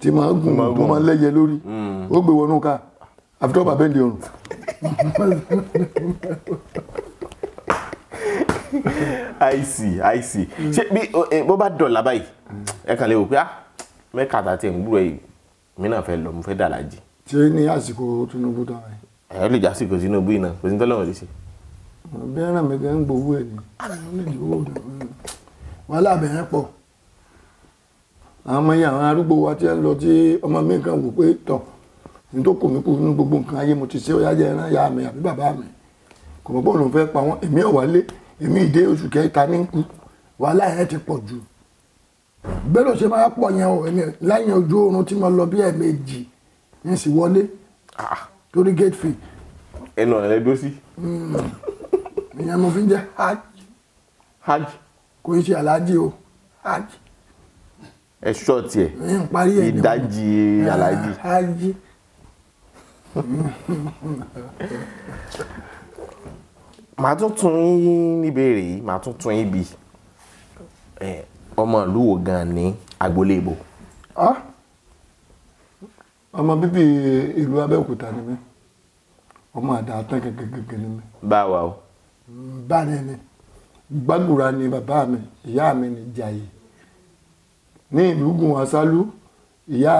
tí máa gùn tó máa lẹ́yẹ lórí hmm. ó gbé wọnú ká àfitọ́ bàbá ẹ̀ ń di ọrùn. I see I see ṣé bí bó bá dọ̀là báyìí ẹ kàn lè wò pé ah mẹ́ka àtàtì ẹ̀ ń gbúrò yìí mí náà fẹ́ lọ mo fẹ́ dàlájì. ṣé ní àsìkò Tinubu dára ẹ̀yẹ́ lè jásí kò sí inú bíi náà kò sí ní tọ́lọ́wọ̀n lè ṣe. bẹ́ẹ̀rẹ̀ mi gan gbowó ẹ̀ ni wàhálà bẹ̀rẹ̀ pọ̀ àwọn ọmọ yìí àwọn arúgbó wa ti ń lọ tí ọmọ mi kan wò pé tọ̀ ní tó kù mí kù nínú gbogbo nǹkan ayé mo ti ṣe ó jẹ ẹran ya mi àbí bàbá mi kò mọ̀ bọ́ọ̀lù fẹ́ pa wọ́n èmi ọ̀wálé èmi ìdé oṣù kẹta ní kú wàhálà yẹn ti pọ̀ jù bẹ́ẹ̀ ló ṣe máa pọ̀ yẹn o èmi lẹ́yìn ojú oorun tí mo lọ bí ẹ̀ẹ̀mejì ń sì wọlé. Ah, torí gate fee. ẹnu ọ̀nà lẹ dó sí. Hmm. ìyẹn mo fi ń jẹ hajj. hajj. kò ń ṣe aláàjì o hajj. ẹ ṣọ́ tiẹ̀ ìdajì ah, aláàjì. hajj. màá tún tún yín níbèrè yìí màá tún tún yín bí ọmọ ìlú wo gan-an ní agboolé ibo. Ah? ọmọ bíbí ìlú Abẹ́òkúta ni mí ọmọ àdáàtàn gẹ́gẹ́gẹ́gẹ́ ni mí. báwa o. báni ni gbàgùrà ni bàbá mi ìyá mi ni jàyè ní ìlúgun asálú ìyá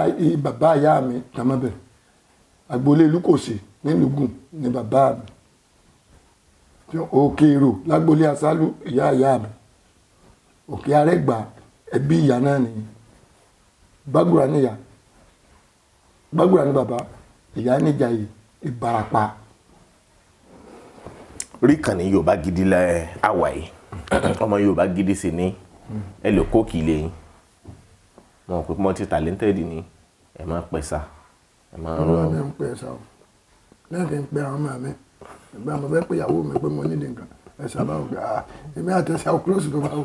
bàbá ìyá mi tàmọ́bẹ̀ agboolé lukose nílùgùn ni bàbá mi òkè èrò lágboolé asálú ìyá ìyá mi òkè arẹ́gbà ẹbí ìyá náà nìyí gbàgùrà níyà gbàgbọ́ra ní bàbá ìyá níjàyè ìbarapá. rí kàní yorùbá gidi la ẹ eh, àwà yìí ọmọ yorùbá gidi sì ni ẹ lè kó kìí lẹ́yìn wọn pé multi talented ni ẹ máa pẹ̀sà ẹ máa rọ. ọmọ mi ń pẹ̀sà o lẹ́ẹ̀kì ń pẹ́ àwọn ọmọ mi ìgbà mo fẹ́ pé ìyàwó mi pé mo nídìí nǹkan ẹ sábà wò pé ah èmi àtẹ̀sà ò close to báwo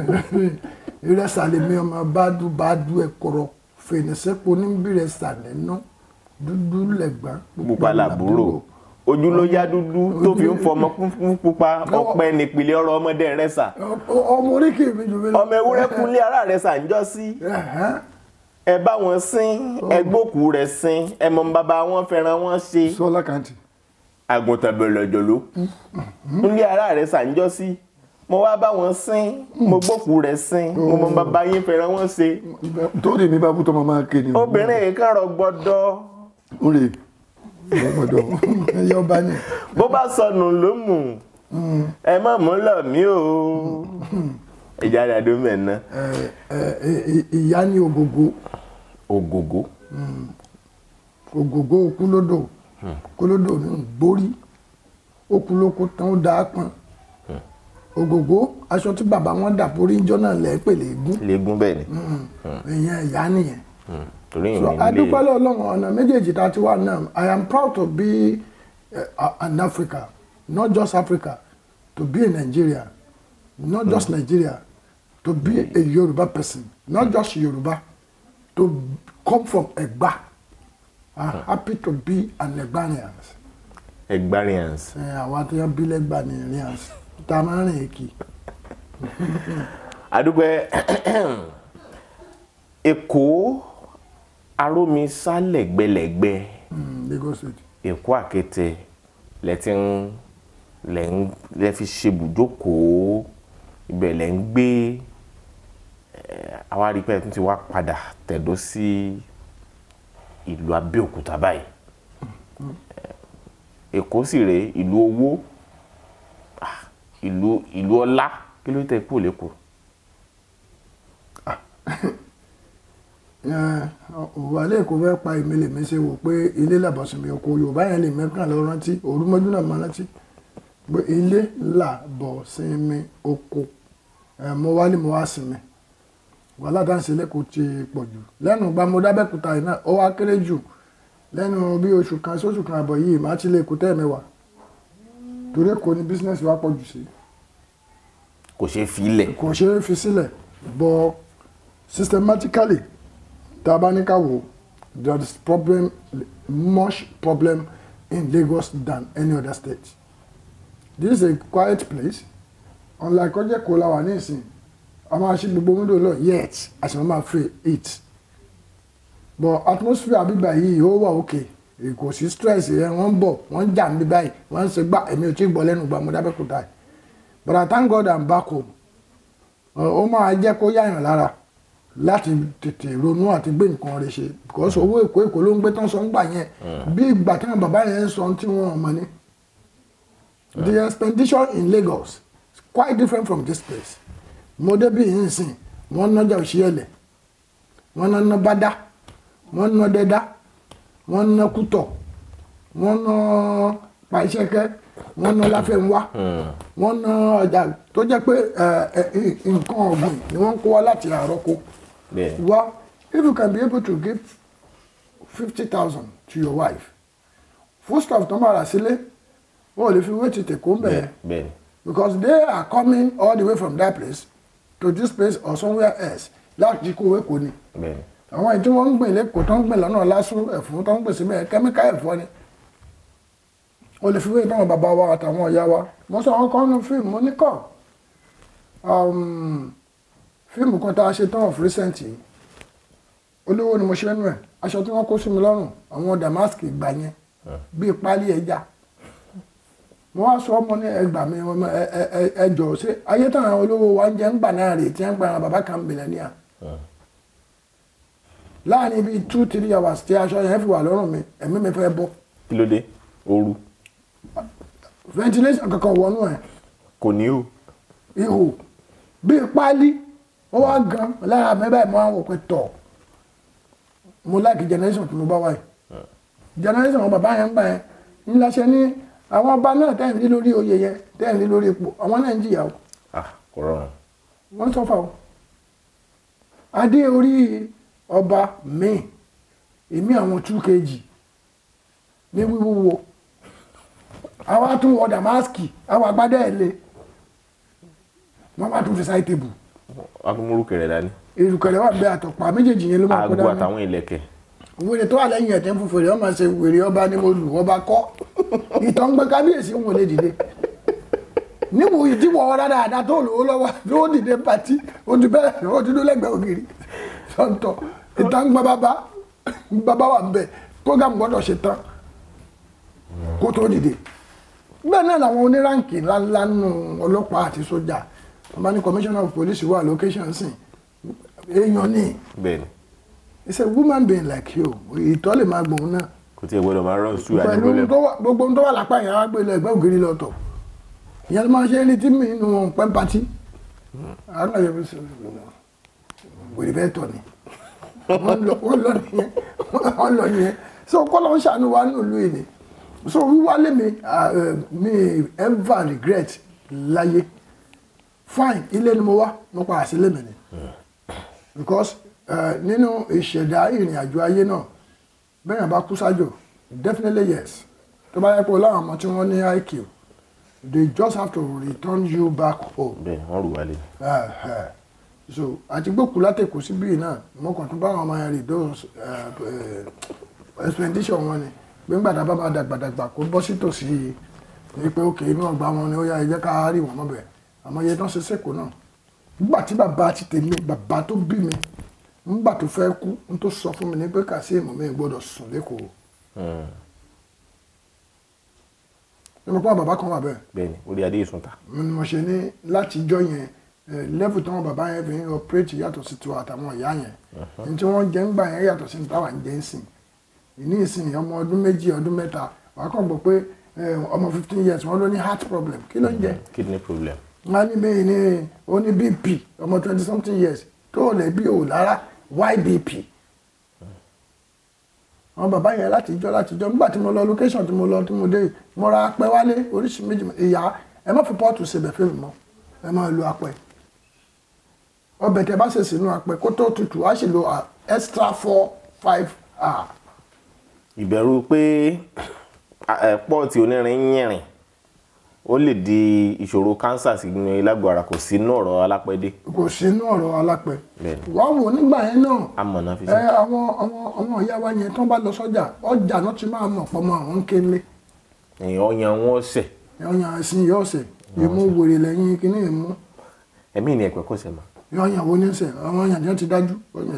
[laughs] ìrẹsà lèmi ọmọ bá dú bá dú ẹ kọ̀rọ̀ fèrèsépò ní bìrẹsà nínú dúdú lẹ́gbàá. pupa làbúrò ojú ló yá dúdú tó fi ń fọmọ pupa ọpẹ nípìnlẹ̀ ọ̀rọ̀ ọmọdé rẹ sà. ọmọ oríkì mi jù mí lọ. ọmọ ewúrẹ́ kúnlé ara rẹ sà ń jọ sí ẹ bá wọn sin ẹgbókù rẹ sin ẹmọ bàbá wọn fẹ́ràn wọn ṣe. sọlá kàǹtì. àgùntàn bẹ̀rẹ̀ ọ̀jọ̀ ló mm-hmm. kú nílé ara rẹ̀ sàǹjọ́ sí mo wá bá wọn sin mo gbókù rẹ sin mo mọ mm. bàbá yín fẹ́ràn wọn ṣe. tó lè ní bábú tó máa máa ké ni. obìnrin yìí kàn rọ gbọdọ. ó lè rọ gbọdọ ẹyẹ ọba ni. bó bá sọnù ló mù mm. ẹ má mú lọ mí o mm. ìjà àdàdo mẹ́ẹ̀ná. ìyá ni ògògó. ògògó. ògògó kúlódò hmm. kúlódò ní borí ó tán dáa pọn ògògó aṣọ tí bàbá wọn dà borí jọ náà lẹ pè léegun. léegun bẹ́ẹ̀ ni. Mm, ìyẹn ìyá nìyẹn. Mm, torí ìwé nílé so adúpẹ́lẹ́ ọlọ́run ọ̀nà méjèèjì tá a ti wà náà I am proud to be uh, an Africa not just Africa to be a Nigeria not mm. just Nigeria to be a Yoruba person not mm. just Yoruba to come from Egba I'm mm. happy to be an Egbanians. Egbanians. àwọn àti yan bílẹ̀ Egbanians tá a máa rìn èkì. àdúgbò èkó arómisá lẹ́gbẹ̀lẹ́gbẹ̀ hmm, èkó àkété lẹ ti ń lẹ ń lẹ fi ṣe bùjókòó ibẹ̀ lẹ ń gbé eh, àwa rí i ti wá padà tẹ̀dó sí ìlú Abẹ́òkúta báyìí hmm, hmm. Eh, èkó sì rèé ìlú owó ìlú ìlú ọlá kí ló tẹ̀ kúrò lẹ́kọ̀ọ́. Ah. [laughs] òwò alẹ́ kò fẹ́ pa èmi lèmi ṣe wò pé ilé làbọ̀sùn mi oko yorùbá yẹn lè mẹ́kàn lọ rántí òrùmọ́jú náà máa rántí pé ilé làbọ̀sùn mi oko mo wá ní mo wá sinmi wàhálà dáǹsì lẹ́kọ̀ọ́ ti pọ̀ jù lẹ́nu gba mo dábẹ́kúta yìí náà ó wá kéré jù lẹ́nu bí oṣù kan sóṣù kan àbọ̀ yìí màá ti lè kó tẹ́ẹ̀mẹ́wàá torí kò ní bísínẹ́sì wa pọ̀ jù sí i kò ṣeé fi sílẹ̀. kò ṣeé fi sílẹ̀ but systematically tá a bá ní ká wò there is problem much problem in Lagos than any other state this is a quiet place unlike ọjọ́ kó la wà ní ìsìn a máa ṣe gbogbo window lọ yet a sì máa free it but atmosphere àbíbà yìí ó wà òkè kò sí stress yẹn wọ́n ń bọ̀ wọ́n ń jà níbí báyìí wọ́n ń ṣe gbà èmi ò tí ì gbọ́ lẹ́nu gbà mo dábẹ́ kò dáì but I thank God I'm back home ó máa jẹ́ kó yáyàn lára láti tètè ronú àti gbé nǹkan rẹ̀ ṣe because owó èkó èkó ló ń gbé tán sọ ń gbà yẹn hmm. bí ìgbà táwọn bàbá yẹn ń sọ tí wọ́n mọ̀ ni the hmm. expenditure in Lagos is quite different from this place mo débi yìí nsìn wọ́n nájà òṣìyẹ̀lẹ̀ wọ́n náná bàdá wọ́n ná dẹ́dá wọ́n ná kútọ̀ wọ́n ná pàṣẹkẹ́ wọ́n ná láfẹ́ ń wá hmm. wọ́n ná ọjà tó jẹ́ pé nǹkan ọ̀gbìn ni wọ́n ń kó wá láti àrọ́kọ wá if you can be able to give fifty thousand to your wife foodstuff tó máa rà sílé wọ́n ò lè fi wéètì tèkó ń bẹ̀rẹ̀ because they are coming all the way from that place to this place or somewhere else láti kó owó èkó ni àwọn ìdí wọn ń gbìn lẹ́kọ̀ọ́ tó ń gbìn lọ́nà lásù ẹ̀fọ́ tó ń gbìn síbẹ̀ kẹ́míkà ẹ̀fọ́ ni o lè fi wé báwọn bàbá wa àtàwọn ọ̀yá wa mo sọ àwọn kan nínú fíìmù mo ní kọ́ um, fíìmù kan tá a ṣe tán of recent yìí olówó ni mo ṣe nù ẹ̀ aṣọ tí wọ́n kó sí mi lọ́rùn àwọn damask gbà yẹn bíi pálí ẹja wọ́n á sọ ọmọ ní ẹgbà mi ẹjọ́ ṣe ayé táwọn olówó wa ń jẹ́ ń gbà náà rè tí ń gbà àwọn bàbá kan bìnrin ní à láàrin bíi two three hours tí aṣọ yẹn fi wà lọ́rùn mi ẹ̀mí mi fẹ́ bọ́. kí ló dé ooru ventilation kankan wọnú ẹ̀. kò ní o. ihò bíi páálí wọ́n wá gan lára mi báyìí mo máa ń wò pé tọ̀ mo láìkí generation tí mo bá wáyé hmm. generation àwọn bàbá yẹn ń gbà yẹn ńlá ṣe ní àwọn ọba náà tẹ́yìn lé lórí oyè yẹn tẹ́yìn lé lórí ipò àwọn náà ń jìyà o. Ah, kò rọrùn. wọ́n sọ fà o adé orí ọba mi èmi àwọn two kg ní wíwúwo àwa tún wọ damaski àwa agbádẹ́ ẹ̀ lé wọ́n bá tún fi sáyé tèbù. wọ́n á tún múrú kẹrẹ dání. èrù kẹrẹ wà bẹ́ẹ̀ àtọ̀pá méjèèjì yẹn ló máa kó dání. àgbo àtàwọn ìlẹ̀kẹ̀. wèrè tó wà lẹ́yìn ẹ̀tẹ́ fún fèrè ọmọ ṣe wèrè ọba ni mo lù ọba kọ́ ìtàn gbẹ kábíyèsí ń wọlé dìde níbo ìdíwọ̀ ọ̀rá dáadáa tó lò ó lọ́wọ́ tó dìde pàtí ó ti bẹ́ẹ̀ ó ti dún lẹ́gbẹ̀ẹ́ ògiri sọ́ńtọ̀ ìtàn gbẹ bàbá bàbá wà ń bẹ̀ program gbọ́dọ̀ ṣe tán kó tó dìde bẹ́ẹ̀ náà làwọn oníráǹkì ńláńlá nù ọlọ́pàá àti sójà ọba ní commissioner of police wà location sìn èèyàn ní. bẹ́ẹ̀ni. it's a woman being like you ìtọ́ lè máa gbòun náà. kò tí ì gbọdọ̀ máa rán sùúrù àdúgbò lẹ. gbogbo ohun tó wà lápá yẹn á gbé lọ ẹgbẹ́ ògiri lọ tọ̀ ìyẹn ló máa ṣe ní tí mi nù pẹ́ patí. ara hmm. yẹn wèrè bẹ́ẹ̀ tọ̀ ni wọ́n lọ nìyẹn wọ́n lọ nìyẹn so kọ́ ló ń ṣàánú wa nílùú yìí so wíwálé mi mi ever regret láyé fine ilé ni mo wá mo padà sí ilé mi ni because nínú ìṣẹ̀dá ìrìn àjò ayé náà bẹ́ẹ̀ yàn bá kú sájò definitely yes tó bá yẹ pé láwọn ọmọ tí wọ́n ní IQ they just have to return you back home. bẹ́ẹ̀ wọ́n rù wálé. so àti gbókù látẹ̀kù síbí náà mo kàn tún bá àwọn ọmọ yẹn rí those expedition wọn ni gbẹ̀ngbàdà bá máa dàgbàdàgbà kó bọ́ sí tòsí ní pé òkè inú ọgbà wọn ni ó yá ẹ jẹ́ ká rí wọn mọ́bẹ̀ àmọ́ iye tán ṣe sẹ́kọ̀ọ́ náà nígbà tí bàbá ti tèmi bàbá tó bí mi nígbà tó fẹ́ kú n tó sọ fún mi ní pé Kazeem mi gbọ́dọ̀ sùn lẹ́kọ̀ọ́. ní hmm. mo pa bàbá kan wà bẹ́ẹ̀. bẹ́ẹ̀ni orí adé ìsùn ta. ni mo ṣe ní látijọ́ yẹn eh, lẹ́bù tí wọ́n bàbá yẹn fi ń ọpẹ́rẹ́tì yàtọ̀ sí tiwa àtàwọn ìyá yẹn hmm. ní tí wọ́n jẹ́ ń yẹn yàtọ̀ sí ní táwa ń jẹ́ ń sìn ìní ìsìn ọmọ ọdún méjì ọdún mẹ́ta wàá kàn gbọ́ pé ọmọ fifteen years wọ́n ló ní heart problem kí ló ń jẹ́ mm-hmm. kidney problem wọ́n á ní bẹ́ẹ̀ ni ó ní bp ọmọ twenty something years tó o lè bí o lára ybp àwọn bàbá yẹn látijọ́ látijọ́ nígbà tí mo lọ location tí mo lọ tí mo dé mo ra apẹ wálé oríṣi méjì ìyá ẹ má fi pọ́ọ̀tù ṣèbẹ̀ fún mi mọ́ ẹ má lo apẹ ọbẹ̀ tẹ bá ṣe sínú apẹ kó tó tutù á sì lo ah, extra four five hour. Ah ìbẹ̀rù pé pọ́ọ̀tì onírin yìnrìn ó lè di ìṣòro kánsà sínú ilágbó ara kò sínú ọ̀rọ̀ alápẹ̀dé. kò sínú ọ̀rọ̀ alápẹ̀. wàá wò nígbà yẹn náà. a mọ̀ náà fi sí. ẹ àwọn àwọn àwọn ìyá wa yẹn tó ń bá lọ sọ́jà ọjà náà ti máa mọ̀ pọ̀ mọ́ àwọn kéle. ọyàn wọn ọ̀sẹ̀. ọyàn ẹ̀sìn yóò ṣe ìmú wèrè lẹ́yìn kíní ìmú. ẹ̀mí ni ẹ̀pẹ̀ kò sẹ̀ mọ́. ọyàn wo ní sẹ̀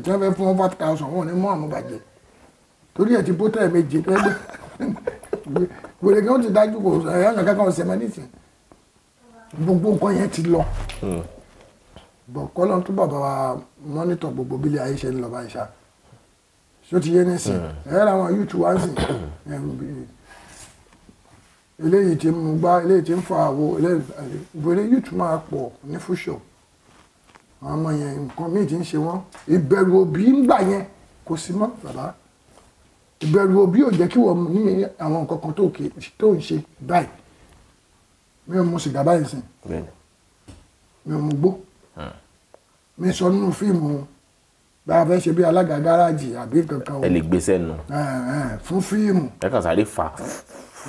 thousand wọn ò ní torí ẹ̀ ti bó tẹ̀ méje tó ẹgbẹ́ wèrè kan ti dájú kò ẹ̀yọ́ kankan kan ọ̀sẹ̀ máa nísìn gbogbo nǹkan yẹn ti lọ hmm. bọ̀ kọ́lọ́ tó bàbá wa mọ́nítọ̀ gbogbo bílẹ̀ ayé ṣe ń lọ báyìí ṣá ṣó ti yé nísìn hmm. ẹ̀yọ́ làwọn yúùtù wá sí eléyìí ti mú gbá eléyìí ti ń fa àwo wèrè yúùtù máa pọ̀ ní fúṣọ̀ àwọn ọmọ yẹn nǹkan míì ti ń ṣe wọ́n ìbẹ̀rù òbí ń gbà yẹn kò sí mọ́ bàbá ìbẹ̀rù òbí ò jẹ́ kí wọ́n ní àwọn nǹkan kan tó ń ṣe báyìí mi ò mu sìgá báyìí sìn mi ò mu gbó hmm. mi sọ nínú fíìmù bá a fẹ́ ṣe bí alága gáràjì àbí kankan o. ẹ lè gbé sẹ́nu. fún fíìmù. ẹ kàn sáré fà.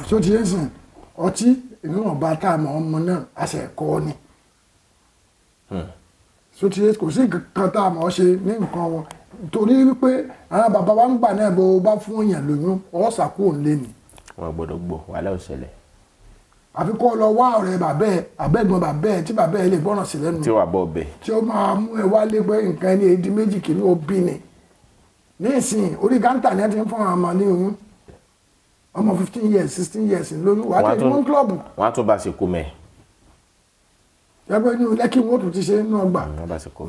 so ti yẹn sìn ọtí ìwọ̀nba tá a mọ̀ ọmọ náà a ṣe kọ́ ni. so hmm. ti yẹn kò sí nǹkan tá a mọ̀ ọ́ ṣe ní nǹkan wọn torí wípé àwọn bàbá wa ń gbà náà bó bá fún èèyàn lóyún ọ̀sà kò lé ni. wọn gbọ́dọ̀ gbọ́ wàhálà ò ṣẹlẹ̀. àfi kọ́ lọ wá ọ̀rẹ́ bàbá ẹ àbẹ́gbọ́n bàbá ẹ tí bàbá ẹ lè gbọ́ràn sí lẹ́nu. tí wàá bọ̀ bẹ̀. tí ó máa mú ẹ wálé pé nǹkan ẹni èdè méjì kìíní ó ni. nísìnyí orí gántà ni ẹ ti ń fún àwọn ní oyún ọmọ fifteen years sixteen years lóyún wàá tẹ ìmú club. wọ́n á tún bá a ṣe kú mẹ́ẹ̀ yàgbẹ́ ní lẹ́kì wọ́n tún ti ṣe nínú ọgbà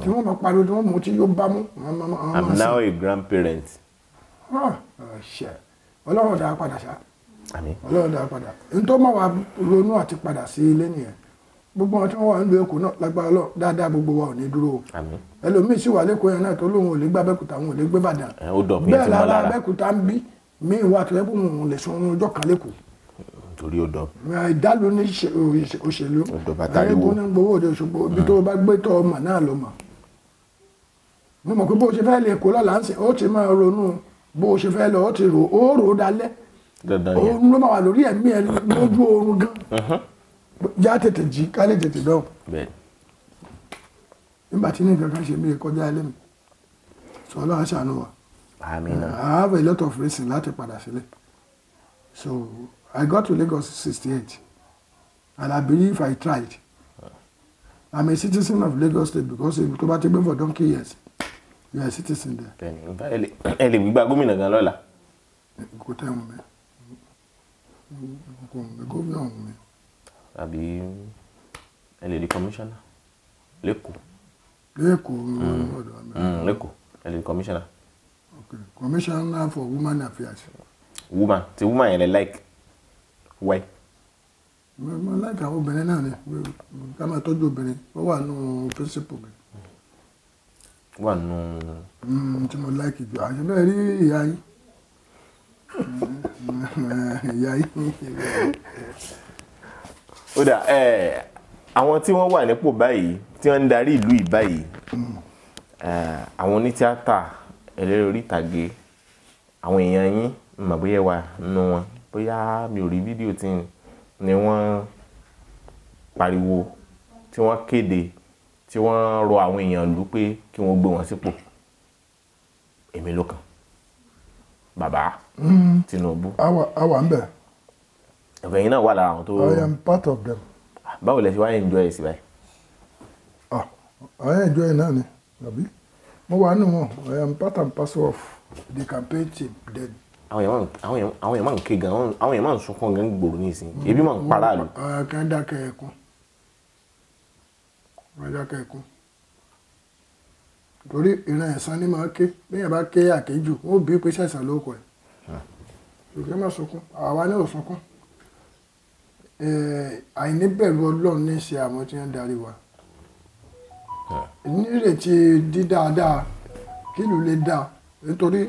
tí wọ́n máa pariwo tí wọ́n mú tí yóò bá mú. I'm now a grandparent. Ah, ọlọ́run dáa padà ṣá ọlọ́run dáa padà n tó máa wà ronú àti padà sí ilé nìyẹn gbogbo àwọn tí wọ́n wà nílùú èkó náà lágbára lọ dáadáa gbogbo wa ò ní dúró ẹlòmíì sì wà lẹ́kọ̀ọ́ yẹn náà tó lóun ò lè gbá abẹ́kúta òun ò lè gbé bàdàn bẹ́ẹ̀ lára abẹ́kúta ń bí mi ìwà àtìlẹ́kùn òun lè sun ọjọ́ kan lẹ́kọ̀ọ́ torí ó dọ. ìdálò ní òṣèlú àrẹ́gbọ́n náà gbowó òde òṣogbo ibi tó bá gbé tọ́ ọmọ náà lọ mọ̀ mo mọ̀ pé bó o ṣe fẹ́ lè kó lọ́la ń sìn ó ti máa ronú bó o ṣe fẹ́ lọ ó ti rò ó rò ó dalẹ̀ òun ló máa wà lórí ẹ̀mí ẹ lójú oorun gan uh-huh. já tètè jí ká lè tètè dán nígbà tí nǹkan kan ṣe mí kọjá ilé mi sọ ọlọ́run wa I have a lot of reason láti padà sílẹ̀ so. I got to Lagos in 68, and I believe I tried. I'm a citizen of Lagos State because if tó bá for donkey years, you are a citizen there. Bẹ́ẹ̀ni, bá ẹ lè gbígbá gómìnà gan lọ́la. Kò tẹ́ wọn mi. Kò mi gómìnà wọn mi. Àbí ẹ lè di commissioner lẹ́kọ̀ọ́. Lẹ́kọ̀ọ́. Lẹ́kọ̀ọ́ ẹ lè di commissioner. Okay, commissioner for woman affairs. Woman, ti woman yẹn lè like wẹ̀. mo láìka àwọn obìnrin náà ni ká máa tọ́jú obìnrin wọ́n wà nù píríncípù mi. wà nù. Mm, tí mo láìkì jù àṣẹ bẹ́ẹ̀ rí ìyá yín mm, ìyá yín. ó dà àwọn tí wọ́n wà nípò báyìí tí wọ́n ń darí ìlú yìí báyìí àwọn onítíátà eléré orí ìtàgé àwọn èèyàn yín mọ̀ bóyá wà nínú wọn bóyá mi ò rí fídíò tí ni wọ́n pariwo tí wọ́n kéde tí wọ́n rọ àwọn èèyàn lù pé kí wọ́n gbé wọn sípò èmi ló kàn bàbá hmm. Tinubu. àwa àwa ń bẹ̀. ọ̀fẹ́ yìí náà wà lára àwọn tó. I am part of them. báwo lẹ ṣe wá enjoy èsì báyìí. ah I enjoy náà ni àbí mo wà nínú wọn I am part and parcel of the campaign team àwọn èèyàn àwọn èèyàn máa ń ké gan àwọn èèyàn máa ń sunkún gan gbòòrò nísìnyí ebi máa ń para lò. kàn dákẹ́ ẹkún kàn dákẹ́ ẹkún torí ìran ẹ̀sán ni máa ké bẹ́ẹ̀ bá ké àkéjù wọ́n bí pé sẹ̀sán ló kọ̀ ẹ̀ ṣùgbọ́n máa sunkún àwa náà ò sunkún àìníbẹ̀rù ọlọ́run ní ṣe àwọn tí wọ́n darí wa nírètí dídáadáa kí ìlú lè dáa nítorí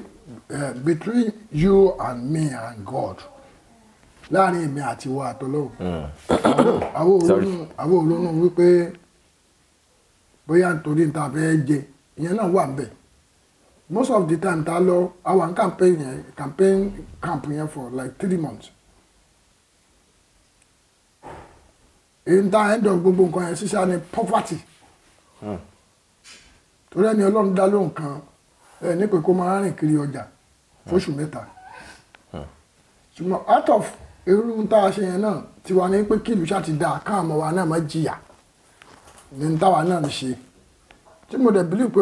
Eh, between you and me and God láàrin èmi àti wa àtọlọ́run hmm. àwọn olónú àwọn olónú wípé bóyá nítorí níta fẹ́ jẹ ìyẹn náà wà bẹ́ẹ̀ most of the time ta lọ àwa campaign yẹn campaign camp yẹn for like three months èyí ta ẹ̀ńdọ̀ gbogbo nǹkan yẹn ṣíṣá ni poverty hmm. torí ẹni ọlọ́run dá lóhùn kan ẹ ní pé kó máa rìn kiri ọjà fóṣù mẹ́ta ṣùgbọ́n out of irú tá a ṣe yẹn náà tiwa ní pé kí ìlú ti dáa ká àmọ́ wa náà má jìyà ní táwa náà ṣe tí mo dẹ̀ bílíù pé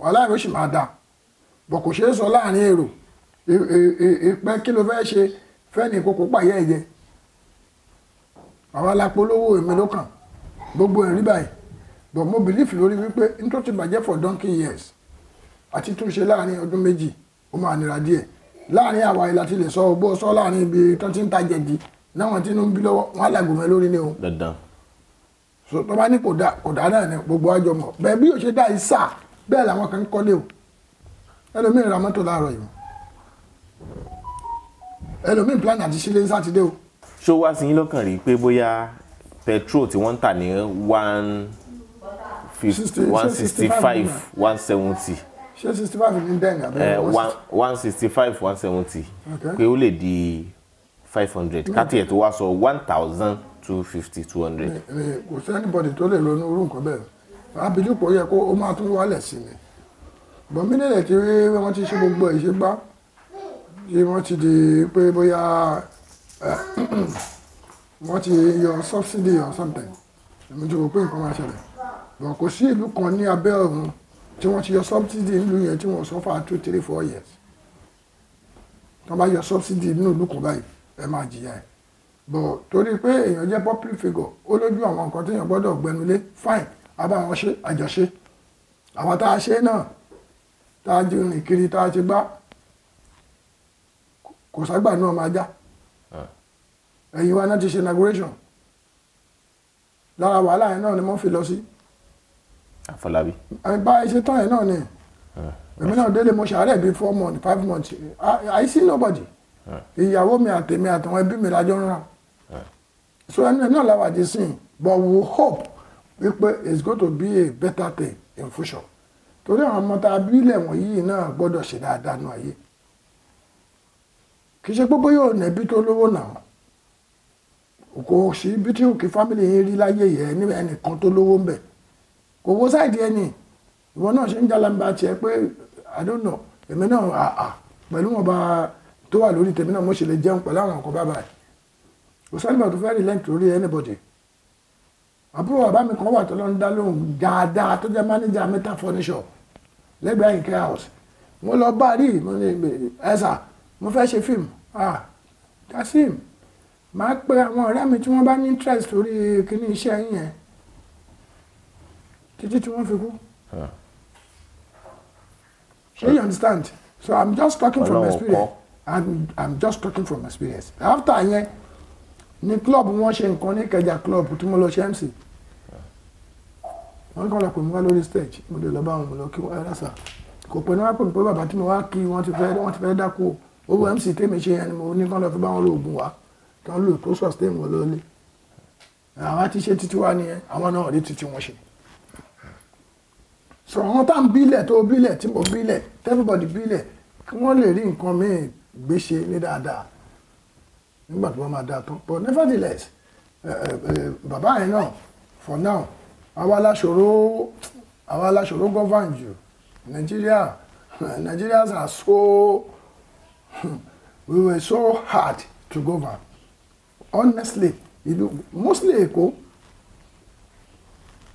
wàhálà ìwé sì máa dáa bọ̀ kò ṣeé sọ láàrin èrò ìpẹ́ kí ló fẹ́ ṣe fẹ́ni kókó pàyẹ́ ẹ̀yẹ àwa la polówó èmi ló kàn gbogbo ẹ̀rí báyìí but mo believe lórí wípé nítorí ti bàjẹ́ for donkey years àti túnṣe láàrin ọdún méjì ó máa nira díẹ̀ láàrin àwa ìlà ti lè sọ ọ bó sọ láàrin ibi tó ti ń ta jẹ̀dí náwọn tí inú ń bí lọ́wọ́ wọn alágùnmẹ́ lórí ni o. dandan. so tó bá ní kò dá kò dá náà ni gbogbo àjọ mọ̀ bẹ́ẹ̀ bí yóò ṣe dá yìí sà bẹ́ẹ̀ làwọn kan ń kọ́lé o ẹlòmíín ra mọ́tò láàárọ̀ yìí ẹlòmíín plan àti sílé sátidé o. ṣó wá sí yín lọ́kàn rí pé bóyá petrol tí wọ́n ń tà ní one fifty one sixty five one seventy eh, one sixty five one seventy pé ó lè di five hundred hmm. káàtì ẹ̀ tó wá sọ one thousand two fifty two hundred. Eh, eh, kò sí anybody tó lè ronú irú nǹkan bẹ́ẹ̀ abilékò yẹ kó o máa tún wálẹ̀ sí ni bọ́n mílíọ̀nù tí wọ́n ti ṣe gbogbo ẹ̀ ṣe gbá tí wọ́n ti di pé bóyá [clears throat] wọ́n ti yọ subsidy or something èmi ti rò pé nǹkan máa ṣẹlẹ̀ bọ̀ kò sí ìlú kan ní abẹ́ ọ̀run tí wọ́n ti yọ subsidy ìlú yẹn tí wọ́n sọ fà two three four years tí wọ́n bá yọ subsidy nínú ìlú kan báyìí ẹ máa jìyà ẹ̀ bọ̀ torí pé èèyàn jẹ́ public figure ó lójú àwọn nǹkan téèyàn gbọ́dọ̀ gbẹnulé fine abá wọn ṣe àjọṣe àwọn tá a ṣe náà tá a rìn kiri tá a ti gbá kò ságbà náà máa já ah. ẹ̀yìn wa náà ti ṣe inauguration lára wàhálà yẹn náà ni wọ́n fi lọ sí. Si Afọlábí. bá a ṣe tán yẹn náà ni èmi náà délé mo ṣàárẹ̀ bíi four months five months I see nobody ìyàwó mi àtèmi àtàwọn ẹbí mi lájọ ń rà so ẹni náà làwọn àti sìn but we hope wípé it's going to be a better thing in future torí àwọn ọmọ tá a bí ilẹ̀ wọ̀nyí náà gbọ́dọ̀ ṣe dáadáa nù ayé kì í ṣe gbogbo yóò nẹ̀bí tó lówó náà kò sí bí tí òkè fámìlì yín rí láyé yẹn ní ẹnìkan tó lówó ń bẹ̀ kò wo sáìdì ẹni ìwọ náà ṣe ń jalamba tiẹ̀ pé I don't know èmi náà àà pẹ̀lú wọn bá tó wà lórí tèmi náà mo ṣe lè jẹun pẹ̀lú àwọn ọkọ̀ bàbá yìí kò sálíbà tó fẹ́ relent lórí anybody àbúrò bàbá mi kan wà tó lọ́n dá lóhùn dáadáa tó jẹ́ manager mẹ́ta furniture lẹ́gbẹ̀ẹ́ àyìnkẹ́ house mo lọ bá rí mo ní ẹ̀sà mo fẹ́ ṣe fíìmù ah Kasim máa pe àwọn ọ̀rẹ́ mi tí wọ́n bá ní interest lórí kíní iṣẹ́ yẹn Did you tí wọ́n fi Yeah. Do you understand? So I'm just talking from experience. I'm, I'm just talking from experience. After yẹn the club wọn ṣe nǹkan ní Ìkẹjà club tí mo lọ ṣe MC wọ́n kàn lọ pè mí wá lórí stage mo lè lọ bá wọn lọ kí wọn ẹ lọsà kò pè ní wọn pè mí pé bàbá tí mo wá kí wọ́n ti fẹ́ wọ́n ti fẹ́ dákú o owó MC tèmi ṣe yẹn ni mo ní kàn lọ fi bá wọn lo oògùn wa kí wọn lò tó sọ stéèmù lọlé àwọn ti ṣe títí wa nìyẹn àwọn náà rí títí wọn ṣe sọ àwọn tá à ń bílẹ̀ tó bílẹ̀ tí mo bílẹ̀ everybody bílẹ̀ kí wọ́n lè rí nǹkan míì gbéṣe ní dáadáa nígbà tí wọ́n máa dáa tán but nevertheless bàbá yẹn náà for now àwa aláṣòro àwa aláṣòro govern jù Nigeria [laughs] Nigerians are so [laughs] we were so hard to govern honestly ìlú mostly Èkó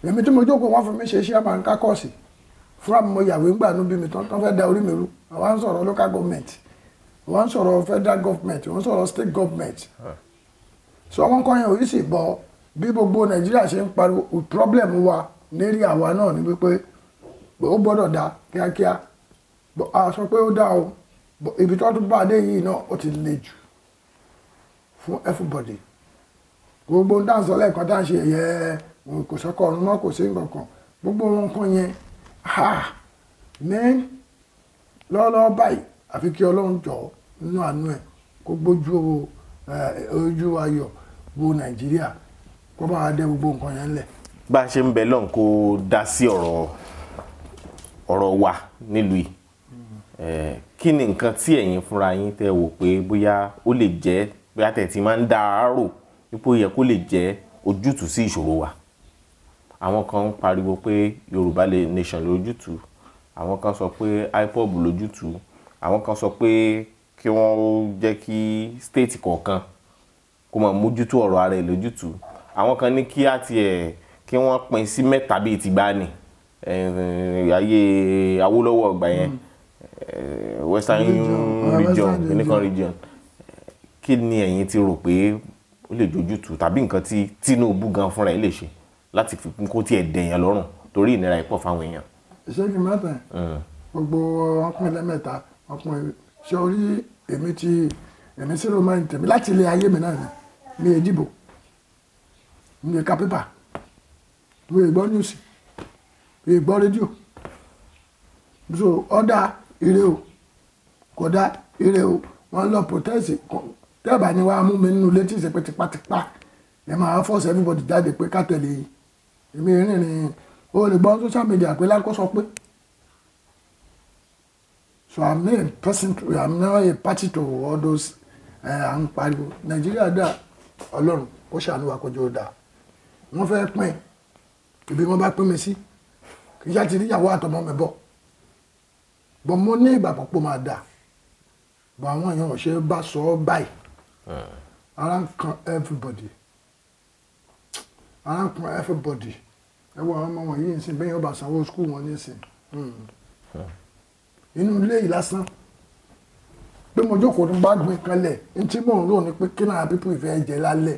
èmi tí mo jókòó wọn fún mi ṣe ṣé àmà ń kákọ́ọ̀sì. fúra mo yàwé gbà bi bí mi tán tán fẹ́ da orí mi rú n soro local government àwa n soro federal government àwa ń soro state government ah. so wọn kọ́ yẹn bọ bi gbogbo nigeria se n pariwo problem wa n'eri awa náà ni wipe o gbodo da kíákíá a sọ pe o da o ibi to tún bá dé yìí náà ti le jù fún everybody gbogbo ha mẹ́rin lọ́wọ́lọ́wọ́ báyìí àfi kí ọlọ́run jọ nínú àánú ẹ̀ kó gbójú eh, ojú ayọ̀ wo nàìjíríà kó bá wa dé gbogbo nǹkan yẹn lẹ̀. bá a ṣe ń bẹ lọ́n kó dá sí ọ̀rọ̀ ọ̀rọ̀ wa nílùú yìí eh, kí ni nǹkan tí ẹ̀yin fúnra yín tẹ́ wò pé bóyá ó lè jẹ́ bóyá tẹ̀ tí máa ń dá a rò wípé ó yẹ kó lè jẹ́ ojútùú sí ìṣòro wa àwọn kan ń pariwo pé Yorùbá lè nation lójútùú àwọn kan sọ pé IPOB lójútùú àwọn kan sọ pé kí wọ́n jẹ́ kí state kọ̀ọ̀kan kó máa mójútó ọ̀rọ̀ ara ẹ̀ lójútùú àwọn kan ní kí á tiẹ̀ kí wọ́n pín sí mẹ́ta bíi ti gbá ni ayé Awólọ́wọ̀ ọgbà yẹn Western region unicorn ah, region kí ni ẹ̀yin ti rò pé ó lè jojútùú tàbí nǹkan tí Tinubu gan fúnra ẹ̀ lè ṣe láti fi kó tiẹ̀ dẹ̀yàn lọ́rùn torí ìnira ìpọ̀ fáwọn èèyàn. Mm. ṣé kí n má tẹ̀ gbogbo ọkùnrin lẹ́mẹ̀ta ọkùnrin ṣe orí èmi ti èmi sí romain tèmi láti ilé ayé mi náà mi è dìbò mi è ka pépà mi è gbọ́ níwùsì mi è gbọ́ rédíò so ọ̀dà ire o kò dá ire o wọ́n lọ protest tẹ́ẹ̀bà ni wàá mú mi nínú létí ìṣe pé tipátipá ẹ̀ máa force everybody jáde pé ká tẹ̀lé yìí èmi rìnrìn o lè gbọ́ social media pé láńkó sọ pé so i'm not a person to i'm not a party to all those eh, à ń pariwo nàìjíríà dà ọlọ́run kó ṣàánú wa kọjọ́ dà wọ́n fẹ́ pín ibi wọ́n bá pín mi sí kì í ṣe àti níyàwó àtọmọ mi bọ̀ bọ̀ mo ní ìgbà púpọ̀ máa dà bọ̀ àwọn èèyàn ò ṣe bá sọ ọ́ báyìí hmm. ara ń kan everybody ara ń kan everybody ẹ wọ àwọn ọmọ wọn yìí nsìn bẹ́ẹ̀ ọba sanwó skul wọn nísìn hmm. inú ilé yìí lásán pé mo jókòó bá gbin kanlẹ̀ ntí mò ń rò ní pé kí náà pípọ̀ ìfẹ́ jẹ lálẹ́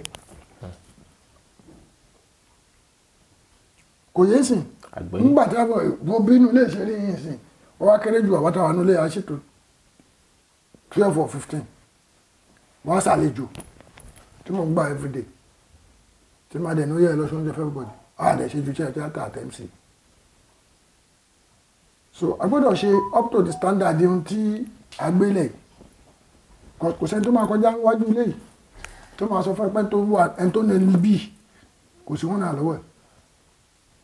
kò yé sìn nígbà tí wọ́n bí inú ilé ṣe rí yìí sìn wọ́n wá kéré ju àbáta wa nílé aṣètò twelve or fifteen wọ́n á ṣàlejò tí mò ń gbà everyday tí màá dẹ̀ ní ó yẹ ẹ lọ́sọ̀ọ́njẹ́ fẹ́ bọ̀dì àdẹ̀ṣe ju iṣẹ́ tíátà àti MC so a gbọ́dọ̀ ṣe up to the standard ohun tí a gbélé kò sẹ́ni tó máa kọjá wájú ilé yìí tó máa sọ fún ẹ pé tó wà ẹni tó nẹni bí kò sí wọn náà lọ́wọ́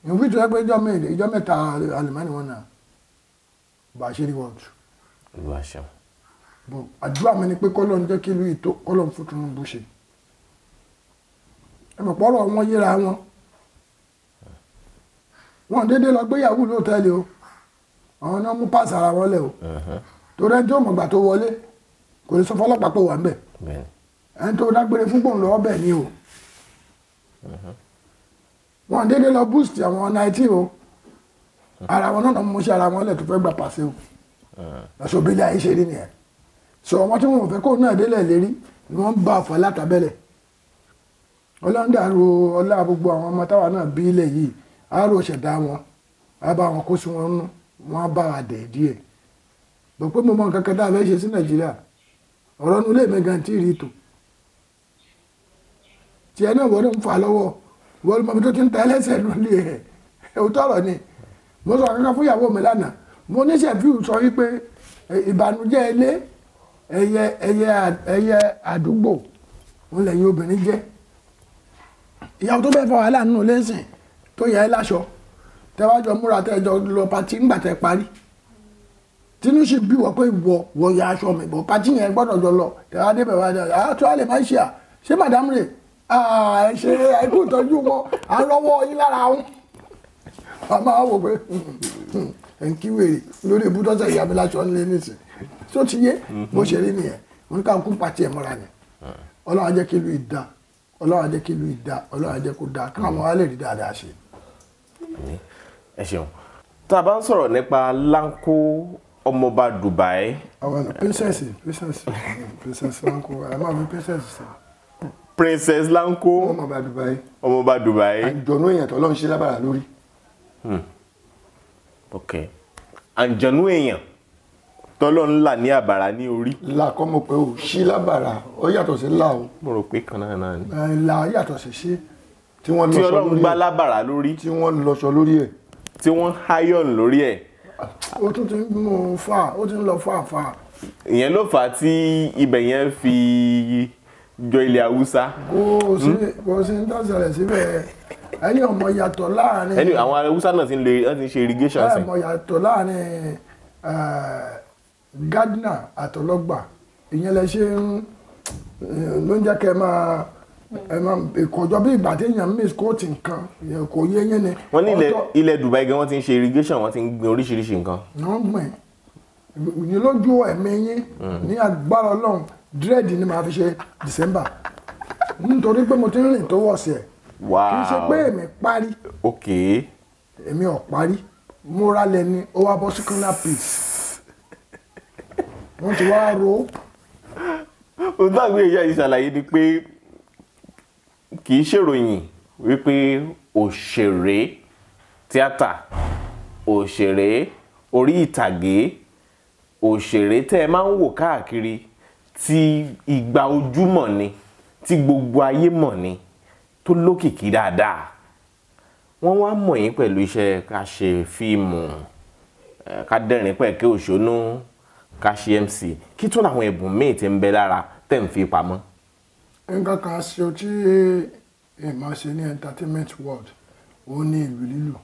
ẹ̀ ìwé tó yẹ pé ìjọ mẹ́rin ìjọ mẹ́ta alimani wọn náà bá a ṣe rí wọ́ọ̀dù. olúwa ṣeun. bọ àdúrà mi ni pé kọ́lọ́ ń jẹ́ kí ìlú ìtò kọ́lọ́ ń fún Tinubu ṣe ẹ mọ̀ pọ́rọ̀ wọn yíra wọn wọn dédé lọ gbéyàwó lóòtẹ́ẹ̀lì o àwọn náà mú páàsì ara wọlé o torí ẹni tó mọ̀gbà tó wọlé kò lè sọ fọlọ́pàá pé wà ń bẹ̀ ẹni tó dágbére fún gbòǹlò ọbẹ̀ ni o wọn dédé lọ boost àwọn náìtì o ara wọn náà mú sí ara wọn lẹ̀ tó fẹ́ gbà pàṣẹ o lọ́sọ̀ bí ilé ayé ṣe rí nìyẹn sọ wọn tí wọn ò fẹ́ kó náà délẹ̀ lérí ni wọ́n ń bá àfọ̀ látàbẹ̀lẹ̀ ọlọ́ndàrú ọlá gbogbo àwọn ọmọ táwa náà bí ilẹ̀ yìí á rò ṣẹ̀dá wọn á bá wọn kó sí wọn nú wọn á bá wa dẹ̀ díẹ̀ bọ̀ pé mo mọ nǹkan kan dáa fẹ́ ṣe sí nàìjíríà ọ̀rọ̀ nu lè mẹ́gan tí ì rí tò tiẹ̀ náà wọ́n ń fà lọ́wọ́ wọ́n mọ̀ tó ti ń ta ẹlẹ́sẹ̀ lólè ẹ̀ ẹ̀ ni mo sọ kankan fún ìyàwó mi lánàá mo níṣẹ́ fíù sọ wípé ìbànújẹ́ ilé ẹyẹ ẹyẹ ẹyẹ àdúgbò ńlẹ̀ yín obìnrin jẹ́ ìyàwó tó bẹ́ẹ̀ fọ wàhálà nínú lẹ́sìn tó yẹ ẹ láṣọ tẹ wá jọ múra tẹ jọ lọ pati ńgbà tẹ parí tinú sì bí wọ pé ya aṣọ mi bọ pati yẹn gbọdọ jọ lọ tẹ wá débẹ̀ wá débẹ̀ àá tó ṣe à madam ẹ ṣe ẹkú ìtọ́jú wọn à ń yín lára wọn a máa wò pé ẹ lórí ibùdókòtò nílé tó ti yé bó ṣe rí nìyẹn wọn ká pati ẹ ni ìdá ìdá káwọn àmín ẹ ṣeun tá a bá ń sọ̀rọ̀ nípa láńkó ọmọọba Dubai. àwọn ọ̀nà princess princess princess láńkó àmọ́ àmì princess sọ. princess láńkó ọmọọba Dubai. ọmọọba Dubai. àjọ̀nú èèyàn tó lọ́n ṣe lábàrà lórí. Hmm. ok àjọ̀nú èèyàn tọ́lọ́ ńlá ní àbàrà ní orí. là kọ́ mo pé o ṣí lábàrà ó yàtọ̀ sí là o. mo rò pé kan náà náà ni. là yàtọ̀ sí ṣí tí wọ́n lọ́ṣọ lórí ẹ̀ tí ọlọ́run gbá lábàrá lórí tí wọ́n lọ́ṣọ lórí ẹ̀ tí wọ́n háyọ̀n lórí ẹ̀. ó tún ti mú un fà ó ti ń lọ fà fà. ìyẹn ló fà á tí ibẹ̀ yẹn fi jọ ilẹ̀ haúsá. kò sí kò sí ń tọ́sẹ̀lẹ̀ síbẹ̀ ẹni ọmọ yàtọ̀ láàrin. ẹni àwọn haúsá náà ti ń lè ti ń ṣe irrigation sí. ọmọ yàtọ̀ láàrin gardener àtọlọ́gbà ìyẹn lẹ ṣe ń ló ń jẹ́ kẹ́ máa ìkọjọ bí ìgbà téèyàn miss kóòtù nǹkan kò yé yín ni. wọ́n ní ilẹ̀ Dubai gan wọ́n ti ń ṣe irrigation wọ́n ti ń gbin oríṣiríṣi nǹkan. nọ́ọ̀mẹ̀ ní lójú ẹ̀mí yín hmm. ní agbára Ọlọ́run dírẹ́ẹ̀dì ni màá fi ṣe December nítorí pé mo ti ń rìn tó wọ̀sì ẹ̀ kì í ṣe pé èmi parí èmi ò parí mo ralẹ̀ ni ó wá bọ́ sí peace wọ́n ti wá ro. òǹtàgbé ìyá ìṣàlàyé ni pé kì í ṣèròyìn wípé òṣèré tíátà òṣèré orí ìtàgé òṣèré tẹ́ ẹ máa ń wò káàkiri tí ìgbà ojúmọ̀ ni tí gbogbo ayé mọ̀ ni tó lókìkí dáadáa wọ́n wá mọ̀ yín pẹ̀lú iṣẹ́ ká ṣe fíìmù ká dẹ́rìn pẹ̀kẹ́ òṣónú ká ṣe MC kí tún làwọn ẹ̀bùn míì ti ń bẹ lára tẹ̀ ń fi pamọ́ nǹkan kan aṣọ tí èèmọ̀ ní entertainment world ó ní ìlú lílù. mo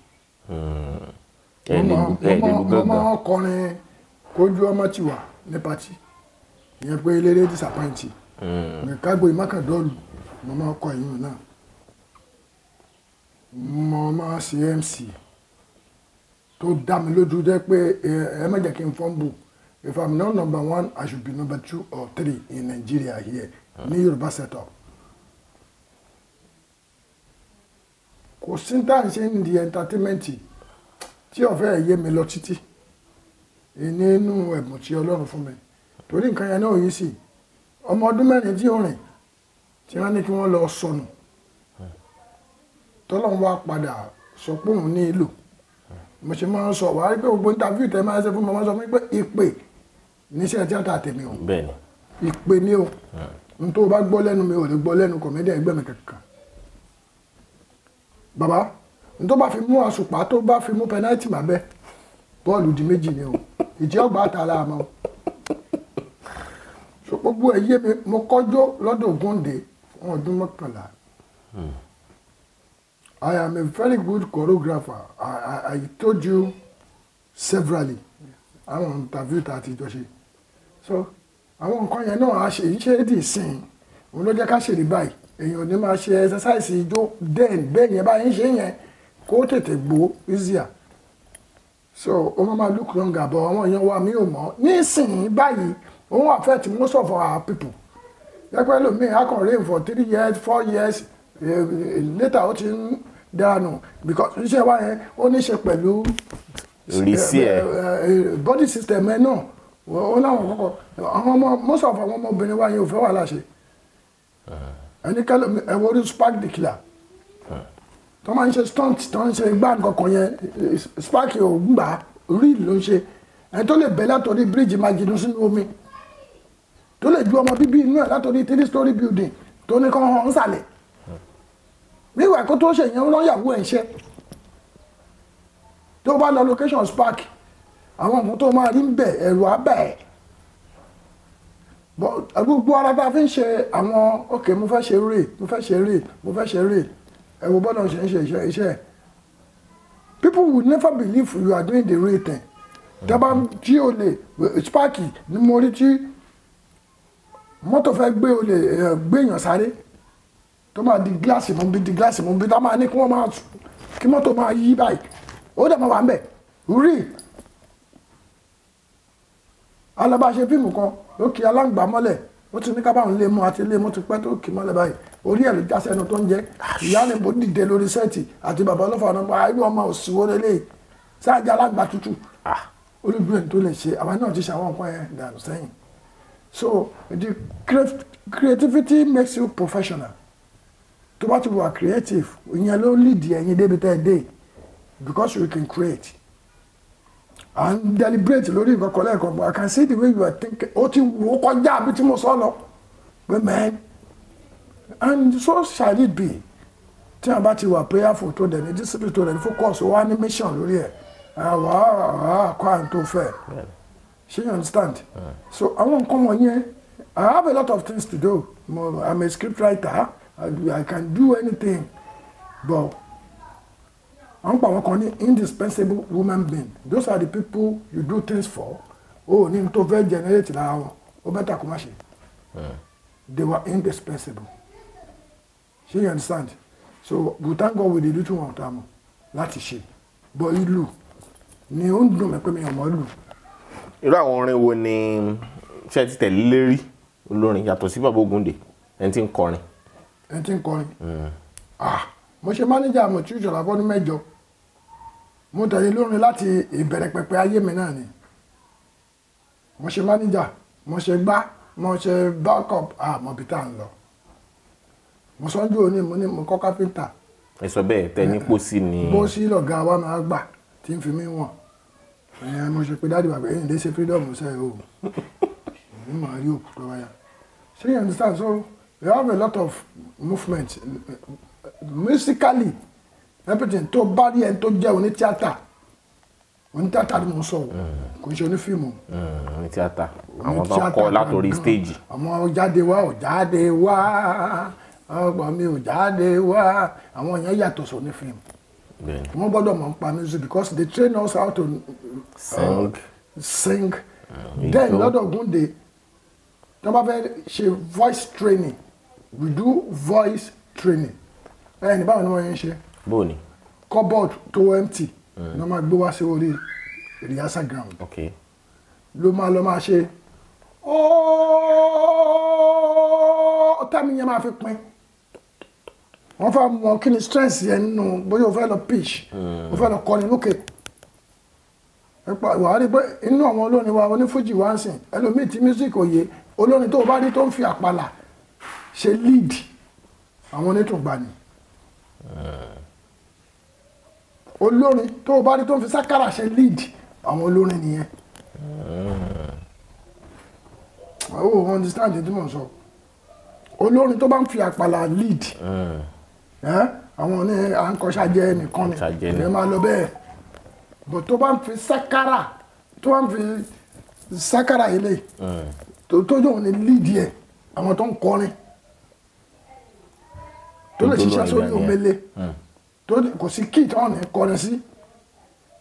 hmm. máa ń kọrin kójú ọmọ ti wà ní pati ìyẹn pé eléré disappoint mi hmm. kágbó ìmákàdọ́ọ̀lù mo máa ń kọ ìyún náà mo máa ń ṣe MC tó dá mi lójú jẹ́ pé ẹ má jẹ́ kí n fọ́n bù if I'm not number one I should be number two or three in Nigeria here ní Yorùbá setup kò sí tá à ṣe ń di entertainment tí ọ̀fẹ́ yé mi lọ títí nínú ẹ̀bùn tí Ọlọ́run fún mi torí nǹkan yẹn náà yìí sì ọmọ ọdún mẹ́rin tí ó rìn tí wọ́n ní kí wọ́n lọ sọnù tọ́lọ́run wá padà sọ pé òun ní ìlò mo ṣe máa ń sọ wàá rí pé gbogbo interview tẹ máa ń ṣe fún mi wọ́n sọ fún mi pé ìpè níṣẹ́ tíátà tèmi o ìpè ni o. Hm n bá gbọ́ lẹ́nu mi ò lè gbọ́ lẹ́nu kọ̀mẹ́díà ẹgbẹ́ mi kankan bàbá n bá fi mú àsùpá tó bá fi mú pẹnáìtì má bẹ́ bọ́ọ̀lù di méjì ni o ìjì ọgbà àtàlà àmọ́ so gbogbo yé mi mo kọ́jọ́ lọ́dọ̀ Ògúndé fún ọdún mọ́kànlá hmm. I am a very good choreographer I, I, I told you severally àwọn interview tá a ti jọ ṣe so àwọn nǹkan yẹn náà ṣe ṣe é dì sìn òun ló jẹ́ ká ṣèlè báyìí èèyàn ní máa ṣe ẹsẹsáìsì ijó den bẹ́ẹ̀ yẹn báyìí ń ṣe yẹn kó tètè gbó easier so ó máa máa look longer but àwọn èèyàn wa mi ò mọ̀ nísìnyí báyìí òun affect most of our people yẹ́pẹ́ lómi rain for three years four years eh, later ó ti ń dànù because iṣẹ́ wa yẹn ó ní ṣe pẹ̀lú eh, eh, body system ẹ náà ó láwọn kọ́kọ́ àwọn ọmọ most of àwọn ọmọbìnrin wa yẹn ò fẹ́ wà láṣẹ ẹni kẹlẹ ẹwọ orí spark the killer tó máa ń ṣe stunt tó ń ṣe gbá nǹkan yẹn spark ò ń gbà real ló ń ṣe ẹni tó lè bẹ́ látọ̀rí bíríìjì máa jìnnú sínú omi tó lè ju ọmọ bíbí inú ẹ̀ látọ̀rí three story building tó ní kàn hàn sàlẹ̀ níwà kó tó ṣe yẹn ń rán ìyàwó ẹ̀ ṣe tó bá lọ location spark àwọn nǹkan tó máa rí ń bẹ̀ ẹ̀rù abẹ́ gbogbo ara tá fi ń ṣe àwọn ok mo fẹ́ ṣe rè mo fẹ́ ṣe rè mo fẹ́ ṣe rè ẹ wo ṣe ń ṣe iṣẹ́ iṣẹ́ people will never believe you are doing the right thing dábà tí o lè spaki ni mo rí tí mọ́tò fẹ́ gbé o lè gbéyàn sáré tó máa di gíláàsì mọ́ bí di gíláàsì mọ́ bí tá máa ní kí wọ́n máa kí mọ́tò máa yí báyìí ó dẹ̀ wà ń bẹ̀ rí alábàáṣe fíìmù kan ó kí aláǹgbá ó ti ní kábàáwọn lé mú àti lé mú ti pẹ́ tó kì mọ́lẹ̀ báyìí orí ẹ̀ já sẹ́nu tó ń jẹ́ ìyá ni mo dìde lórí sẹ́ẹ̀tì àti bàbá ọlọ́fà ọ̀nà pa ọmọ òsìwò lélẹ̀ sáájà aláǹgbá tútù olùdúró tó lè ṣe àwa náà ti ṣe àwọn nǹkan yẹn dànù sẹ́yìn so the creativity makes you professional tó bá ti wà creative ìyẹn ló lead ẹ̀yin débi tẹ́ ẹ dé because you can create And deliberate lórí nǹkan kan lẹ́ẹ̀kan but I can see the way you are thinking ó ti wò ó kọjá àbí tí mo sọ lọ pé man and so shall it be tí a bá ti wà prayerful tó dẹ̀ discipline tó dẹ̀ ní focus wá ní mission lórí ẹ̀ àwa àwa kọ́ à ń tó fẹ́ ṣé you understand yeah. so àwọn nǹkan wọ̀nyẹn I have a lot of things to do I'm a script writer I, I can do anything but wọ́n pa àwọn ní indispensable woman being those are the people you do things for o ò ní tó fẹ́ generate lára wọn ó bẹ́ẹ̀ tàkó má ṣe hmm. they were indispensable ṣé you understand so we thank God we dey do two one time láti ṣe bọ́ ìlú ni ó ń dùn mí pé mi ò mọ̀ lù. irú àwọn orin wo ni ṣe ti tẹ̀lé lérí olórin yàtọ̀ sí bàbá Ògúndé ẹni tí ń kọrin. ẹni tí ń kọrin hmm. ah mo ṣe mánéjà Mọ̀túnṣe Ṣọlá fọ́dún mẹ́jọ mo tẹ̀lé lórin láti ìbẹ̀rẹ̀ pẹ̀pẹ̀ ayé mi náà ni mo ṣe mánéjà mo ṣe gbá mo ṣe backup àmọ̀bí tá à ń lọ mo sọ́jú òní mo ní mo kọ́ káfíńtà. ẹ sọ bẹ́ẹ̀ tẹ ní eh, pósí ni. Eh, pósí lọ̀gá wa máa gbà tí ń fi mí wọ̀n mo ṣe pé dáàdì bàbá ẹ̀yìn lè ṣe freedom ṣe o ní màá rí òkú tó wáyà ṣé you understand so we have a lot of movement musically everything tó bá rí ẹni tó jẹ́ oní tíátà oní tíátà ni mo sọ o mm. kò ṣe oní fíìmù. Mm, oní tíátà àwọn tó kọ látòrí stage. àwọn jáde wá ò jáde wá ọgbà mi ò jáde wá àwọn yẹn yàtọ̀ sọ ní fíìmù wọ́n gbọ́dọ̀ mọ̀ nípa music because they train us how to sing, uh, sing. Mm, then lọ́dọ̀ gúnde tí wọ́n bá fẹ́ ṣe voice training we do voice training ẹni báwo ni wọ́n yẹn ń ṣe. bó cupboard tó empty mm. ló máa gbé wá sí orí rehearsal ground. okay. ló máa lọ máa ṣe ó tàmí yẹn máa fi pin wọ́n fẹ́ mọ kí ni stress yẹn nínú bóyá o fẹ́ lọ pitch o fẹ́ lọ kọrin lókè wàá pé inú àwọn olórin wa onífújì wá ń sìn ẹlòmíì tí music òye olórin tó o bá rí tó ń fi àpàlà ṣe lead àwọn onítùgbà ni Eh. olórin tó o bá rí tó ń fi sákàrà ṣe lead àwọn olórin nìyẹn o oh, eh. understand ẹ tí mo sọ olórin tó bá ń fi àpàlà lead eh. àwọn ní à ń kọṣà jẹ nìkan ni ìrẹ máa lọ bẹ́ẹ̀ but tó bá ń fi sakara tó bá ń fi sakara yìí lè tó tó jọ ní lead yẹ àwọn tó ń kọrin tó lè ṣiṣẹ́ sórí òmele tó kò sí kit ọ̀nà ìkọrin sí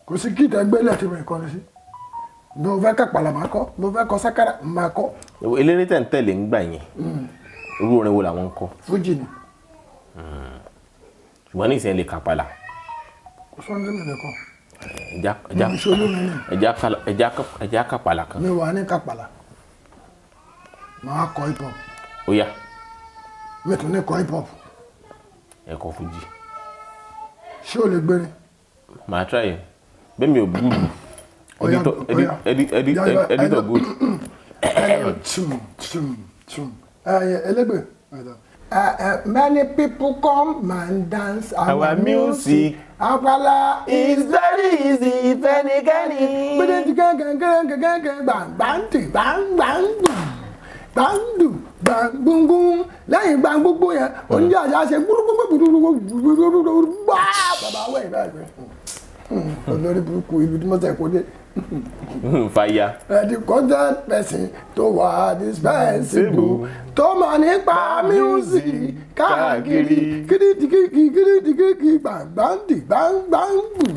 kò sí kit ẹgbẹ́lẹ̀ tí mo ìkọrin sí mo fẹ́ kàpàlà máa kọ́ mo fẹ́ kọ́ sákàrà máa kọ́. eléré tẹ̀ ń tẹ̀lé ń gbà yẹn hmm. irú orin wo làwọn ń kọ. fújì ni. Hmm. ṣùgbọ́n ní ìsìn lè kàpàlà. kò sọ́ni lè mẹ́lẹ̀ kọ́. ẹja kàpàlà kan. mi wà ní kàpàlà màá kọ hip hop. ó yá. mi tún ní kọ hip hop ẹ̀kọ́ fújì. ṣé o lè gbére. màá try ẹ bẹ́ẹ̀ mi ò gúdù editor editor good. ẹlẹgbẹ many people come and dance our, our music. Àpàlà is very easy if ẹnikẹ́ni. gbẹdẹ ti gángan gángan gángan gbàngbàntì gbàngbàngbà gbàǹdù gbàǹgbùngbùn lẹ́yìn gbàǹgbùngbù yẹn oúnjẹ àjà ṣe gbúrúgbúrúgbúrúgbúrúgbúrú gbá hmm, bàbá wẹ̀ ìbá ìgbẹ́ olórí burúkú ìlú tí mo tẹ̀ kó dé. Hmm, fàyà. ẹ̀dí content person tó wà dispensable tó mọ̀ nípa music káàkiri kiri dìgígì kiri dìgígì gbàǹgbàǹdì gbàǹgbàǹgbùn.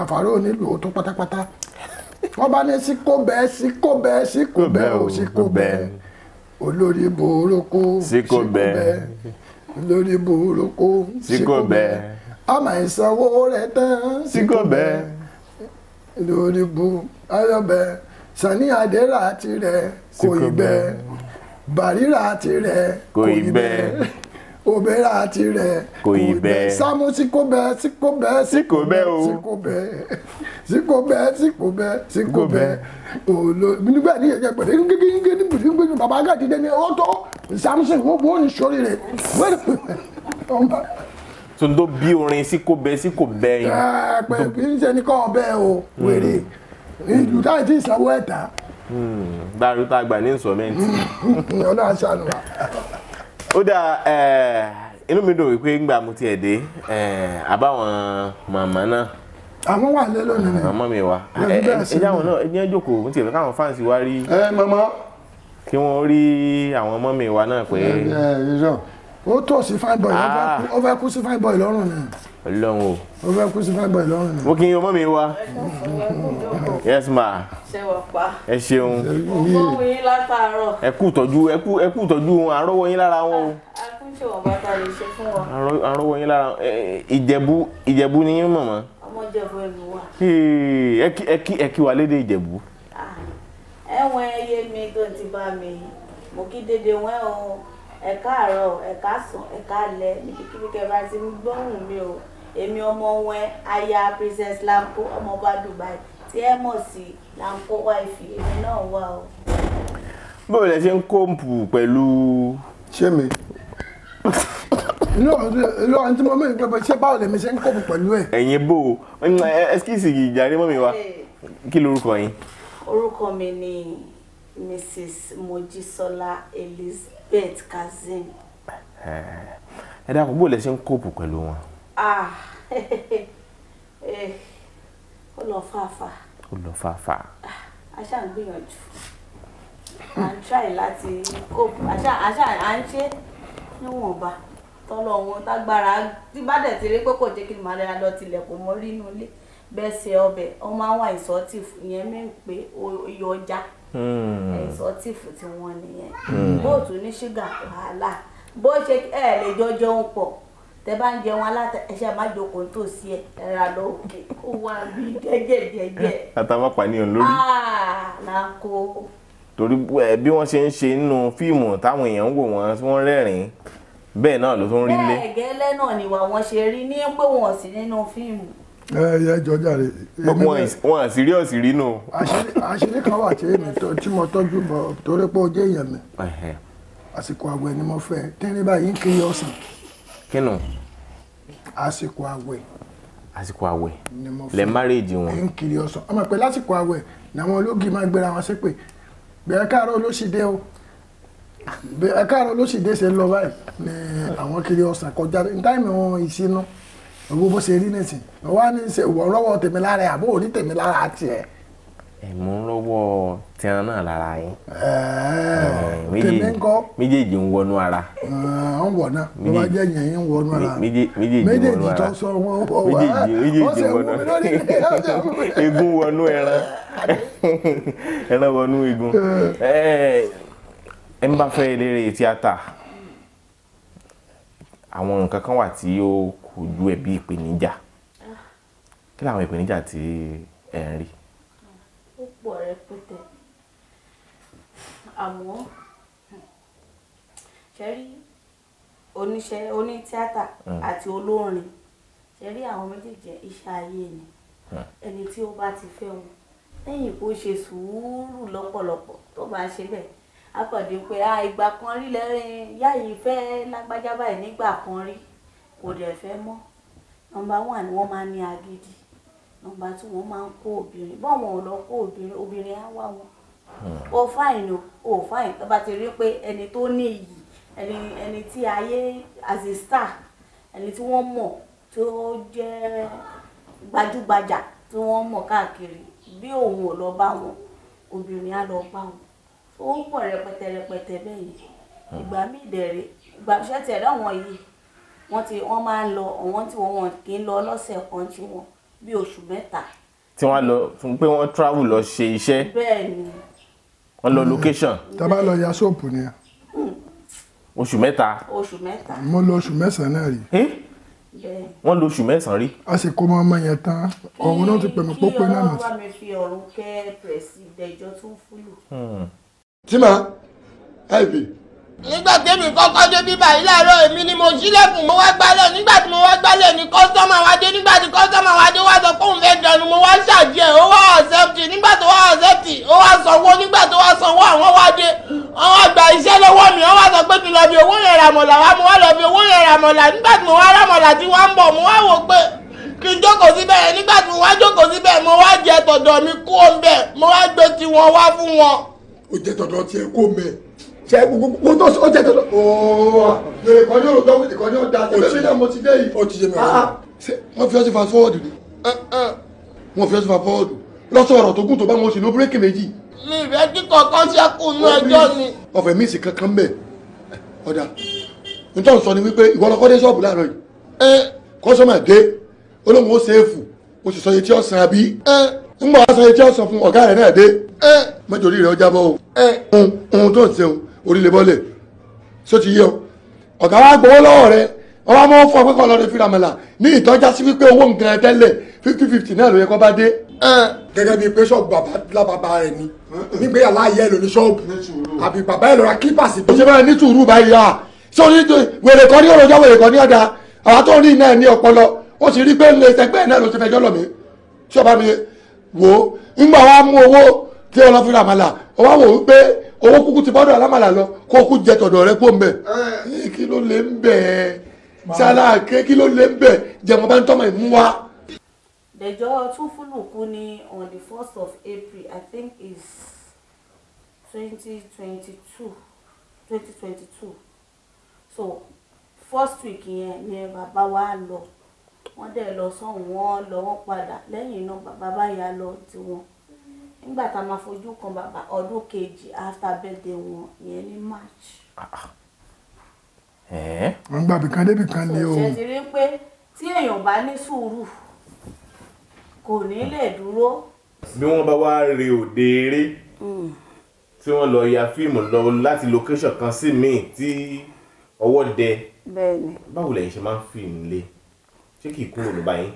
àfàrà onílù ó tó pátápátá wọ́n bá ní síkó bẹ́ẹ̀ síkó bẹ́ẹ̀ síkó bẹ́ẹ̀ ò síkó bẹ́ẹ̀ olórí burúkú síkó bẹ́ẹ̀ olórí burúkú síkó bẹ́ẹ̀ àmà ìsanwó rẹ̀ tán síkó bẹ́ẹ̀ olórí bu ayọ̀bẹ̀ sani adera tirẹ̀ kò ì bẹ́ẹ̀ bàrírà tirẹ̀ kò ì bẹ́ẹ̀ òbẹ́ra tirẹ̀ kò ì bẹ́ sámú sí kò bẹ́ sí kò bẹ́ sí kò bẹ́ o sí kò bẹ́ sí kò bẹ́ sí kò bẹ́ sí kò bẹ́ olo nígbà ní ẹ̀jẹ̀ pẹ̀lú gígé gígé ní bùdí gbé ní bàbá gàdí dẹ́ni ọ̀tọ̀ samson wọ́n wọ́n ní sọ́rí rẹ̀ wẹ́rẹ́ ọmọ. tó ń tó bí orin sí kò bẹ́ sí kò bẹ́ yẹn. ẹ ah, pé kì í ṣe ní kọ́ ọbẹ̀ o wèrè hmm. ìlú táyì tí ìsanwó ẹ̀ta. dáadọ́ hmm. tá a gbà ní ìsọ̀mẹ́ntì. [laughs] ọlọ́run aṣáánu wa ó dáa inú mi dùn wípé ńgbà mo tiẹ̀ dé àbáwọn màmá náà àwọn wà lé lónìí rẹ màmá mi wá ẹ ẹ jáwọn náà ẹ ní ẹ jókòó mo tiẹ̀ fẹ́ káwọn fáǹsì wá rí ẹ màmá kí wọ́n rí àwọn ọmọ mi wá náà pé ó tọ̀ sí fine boy ó fẹ́ kú sí fine boy lọ́rùn ni. Ọlọ́run o. o fẹ́ kú sí fàgbà Ìlọrin ni. mo kì í yan ọmọ mi wá. yes ma. ṣe wà pa. ẹ ṣeun. ọmọ yín látàárọ̀. ẹ kú ìtọ́jú ẹ kú ẹ kú ìtọ́jú wọn àrọ́wọ́ yín lára wọn o. akúnṣe wọn bàtà lè ṣe fún wọn. àrọ́wọ́ yín lára ìjẹ̀bú ìjẹ̀bú ni yín mọ̀mọ́. ọmọ ìjẹ̀bú ẹ̀ ló wà. ẹ kí ẹ kí wa lédè ìjẹ̀bú. ẹ̀wọ̀n ẹyẹ mi gan ti bá mi mo kí dédé wọn o ẹ káàárọ̀ ẹ káàsán ẹ káalẹ́ níbikíbi kẹ́ bá ti ń gbóhùn mi o èmi ọmọ wọn aya princess Lanko ọmọọba Dubai tí ẹ mọ̀ sí Lanko wáìfì èmi náà wà o. bóyá ilẹ̀ ṣe ń kóńpù pẹ̀lú. ṣé mi lọ àwọn tí mo mẹ́rin pẹ́pẹ́ ṣé báwo lèmi ṣe ń kóńpù pẹ̀lú ẹ̀. ẹ̀yin bò ẹ́skíìsì ìjàre mọ́ mi wá kí lorúkọ yín. orúkọ mi ni Mrs. Mojísọ́lá Elizabeth Kazeem. ẹ dákun bó lẹ ṣe ń kóńpù pẹ̀lú wọn ah lọ [laughs] eh, fàáfà. ó lọ fàáfà. Ah, a ṣáà ń gbìyànjú à ń try láti cope a ṣáà a ṣáà à ń ṣe níwọ̀nba tọ́lọ̀ wọn tágbára tí bá dẹ̀ ti rí pé kò jẹ́ kí n máa dára lọ tilẹ̀kùn mọ́ rí inú ilé bẹ́ẹ̀ ṣe ọbẹ̀ ọ máa ń wá ìsọ́tìfù ìyẹn mí pé oyè ọjà hmm. ìsọ́tìfù tí wọ́n nìyẹn hmm. bóòtù ní ṣúgà wàhálà bó ṣe ẹ̀ lè jọ jẹun pọ̀ tẹ bá ń jẹun aláta ẹṣẹ má jókòó ń tòsí ẹ ẹra lọ òkè kó wá bí jẹjẹ jẹjẹ. àtàwọn apànìyàn lórí. Ah, là ń kó. torí bí wọ́n ṣe ń ṣe nínú fíìmù táwọn èèyàn ń wò wọ́n tí wọ́n rẹ́rìn-ín bẹ́ẹ̀ náà ló tún rí lé. bẹ́ẹ̀ gẹ́lẹ́ náà nìwà wọn ṣe rí ní pé wọn sí nínú fíìmù. ẹ ẹ jọ jàre. wọn à serious rí nù. àṣírí kan wà tí mo tọ́jú bọ̀ torí pé ó jẹ́ èèyàn mi àsìkò àwẹ̀ ni mo fẹ́ kínú. àsìkò àwẹ̀. àsìkò àwẹ̀ lẹ márèèjì wọn. ń kiri ọsàn ọmọ pé lásìkò àwẹ̀ làwọn ológi máa gbéra wọn sí pé bẹ̀rẹ̀ káàárọ̀ olóṣìdé o bẹ̀rẹ̀ káàárọ̀ olóṣìdé ṣe lọ báyìí ni àwọn kiri ọsàn kọjá táìmì wọn ìṣínú owó bó ṣe rí nìsín wọn wá ní ṣe wọ́n rọ́wọ́ tèmi lára àbó òní tèmi lára tiẹ̀ ẹ̀mú lọ́wọ́ tiẹ̀ náà lára yín. tèmi ń kọ́. méjèèjì ń wọnú ara. ń wọ̀ náà ló bá jẹ́ yẹn ń wọnú ara. méjèèjì méjèèjì tó sọ wọn wọ wá. méjèèjì méjèèjì wọnú egun wọnú ẹran ẹran wọnú egun. ẹ ń bá fẹ́ eléré tíátà àwọn nǹkan kan wà tí ó kojú ẹ̀ bí ìpèníjà kí làwọn ìpèníjà tí ẹ̀ ń rí pọ̀ rẹpẹtẹ àmọ́ ṣẹ́rí oníṣẹ́ onítíátà hmm. àti olórin ṣẹ́rí àwọn méjèèjì iṣẹ́ ayé ni hmm. ẹni tí ó bá ti fẹ́ wọn lẹ́yìn kó ṣe sùúrù lọ́pọ̀lọpọ̀ tó bá ṣe bẹ́ẹ̀ akọ̀dé pé a ìgbà kan rí lẹ́rìn ìyá yìí fẹ́ lágbájá báyìí nígbà kan rí kò dẹ̀ fẹ́ mọ́ nọ́mbà one ni wọ́n máa ń ní agídí nọ́mbà tí wọ́n máa ń kó obìnrin bọ́wọn ò lọ kó obìnrin obìnrin á wá wọn ó fáìn ó fáìn tó bá ti rí pé ẹni tó ní iyì ẹni ẹni tí ayé as a star ẹni tí wọ́n mọ̀ tó jẹ́ gbajúgbajà tí wọ́n mọ̀ káàkiri bí òun ò lọ bá wọn obìnrin á lọ bá wọn ó pọ̀ rẹpẹtẹ rẹpẹtẹ bẹ́ẹ̀ yìí hmm. ìgbà míì dẹ̀rẹ̀ ìgbà ṣẹ́tẹ̀ láwọn yìí wọ́n ti wọ́n máa ń lọ àwọn tí wọ́n kì í lọ lọ́sẹ̀ kan tí wọ́n bí oṣù mẹ́ta. tí wọ́n lọ fún pé wọ́n travel lọ ṣe iṣẹ́. bẹ́ẹ̀ni. wọ́n lọ location. Mm. tábà lọ ya ṣọ́ọ̀pù ni. Mm. oṣù mẹ́ta. oṣù mẹ́ta. mo lọ oṣù mẹ́sàn-án náà rí. wọ́n lọ oṣù mẹ́sàn-án rí. a sì kó mọ ọmọ yẹn tán ọ̀hún náà ti pè mí náà mọ̀. kí ọlọ́run bá mi fi ọ̀run kẹ́ pẹ̀sì ìdẹ́jọ́ tó fúlù. Hmm. tí màá ẹ̀ bì nígbà tẹ́mi kọ́kọ́ dé bíbá yìí láàárọ̀ èmi ni mo ṣílẹ̀kùn mo wá gbálẹ̀ nígbà tí mo wá gbálẹ̀ ní kọ́sọ́mà wa dé nígbà tí kọ́sọ́mà wa dé wá sọ pé òun fẹ́ dànù mo wá ṣàjì ẹ̀ ó wá ọ̀sẹ́pìtì nígbà tó wá ọ̀sẹ́pìtì ó wá sanwó nígbà tó wá sanwó àwọn wá dé wọ́n wá gba iṣẹ́ lọ́wọ́ mi wọ́n wá sọ pé mi lọ bí owó yẹn ràmọ̀là wá mo wá lọ bí owó yẹn ràmọ̀là nígbà tí mo wá ràmọ̀là tí wọ́n ń bọ̀ mo wá wò pé kí n jókòó síbẹ̀ yẹn nígbà tí mo wá jókòó síbẹ̀ mo wá jẹ tọ̀dọ̀ mi kó ń bẹ̀ mo wá gbé tiwọn wá fún wọn. ó jẹ tọ̀dọ̀ tiẹ̀ kó ń bẹ̀ ṣe gbogbo tó ó jẹ tó lọ. ooo lèrè kan ní òrùn dọ́kítì kan ní ọ̀dà tẹ̀lé náà mo ti dé yìí. ó ti jẹ mi ọ̀rọ̀ ah, ah. wọ́n fi ọ́ sí fa fọ́ọ̀dù ni eh, eh. wọ́n fi ọ́ sí fa fọ́ọ̀dù lọ́sọ̀ ọ̀rọ̀ tó gùn tó bá mo sì ní bírèkì méjì. mi ìfẹ́ kí kankan ṣẹ́kù nú ẹjọ́ ni. ọ̀fẹ́ mi sì kankan bẹ̀ eh, ọ̀dà nítorí sọ ni wípé ìwọ lọkọ dé ṣọ́ọ̀bù láàárọ̀ yìí ẹ kọ́sọ́mà dé olóhùn ó ṣèèfù o sì sọ iye tí ó san àbí ń gbọ́ sọ iye tí ó san fún ọ̀gá rẹ̀ náà dé mẹ́jọ orí rẹ̀ ó jábọ̀ o ohun tó ń ṣeun orílẹ̀ bọ́lẹ̀ só ti yí ọ ọ̀gá wa gbowó lọ́wọ́ rẹ ọba mọ́ fún ọ pé kọ́ lọ́ọ́ fi ràmàlà ní ìtọ́já sí wípé owó nǹkan tẹ́lẹ̀ fifty fifty náà ló yẹ kó bá dé. gẹ́gẹ́ bíi pé ṣọ́ọ̀bù bàbá lábàbà rẹ̀ ni nígbé yàrá ayé ẹ̀ ló ní ṣọ́ọ̀bù àbí bàbá ẹ̀ lọ ra kílípà sí. ó ṣe bẹ́ẹ̀ ní sùúrù báyìí a ṣé o ní wèrè kan ní òròjọ́ wèrè kan ní ọ̀dà àwọn tó rí náà ní ọpọlọ ó sì rí pé ń lè sẹgbẹ́ náà ló ti fẹjọ́ lọ mí ṣọ́ọ̀bù mi wò ó ń gbà wá mú owó tí ọlọ́fin ràmàlà ó wá wò pé owó kúkú ti bọ́dọ̀ alámàlà lọ kó kú jẹ tọ̀dọ̀ rẹ kó mbẹ kí ló lè ń bẹ sálà ké kí ló lè ń bẹ jẹmọ bá ń tọmọ ìmú wa. dẹjọ túfúlùkù ni on the first of April I think is twenty twenty two twenty twenty two so first week yẹn ni bàbá wa lọ wọ́n dẹ̀ lọ sọ́hùn wọ́n lọ wọ́n padà lẹ́yìn náà bàbá yà lọ tiwọn nígbà tá a máa fojú kan bàbá ọdún kejì after birthday wọn yẹn ní march. wọ́n gbà bìkan débì kan ni o. ṣe ti rí pé tí èèyàn bá ní sùúrù kò ní lè dúró. bí wọ́n bá wá re òde eré hmm. tí wọ́n lọ ya fíìmù lọ láti location kan sí míì tí ọwọ́ dẹ báwo lẹ̀yin ṣe máa ń fíìmù lé ṣé kì í kúrò ló yín.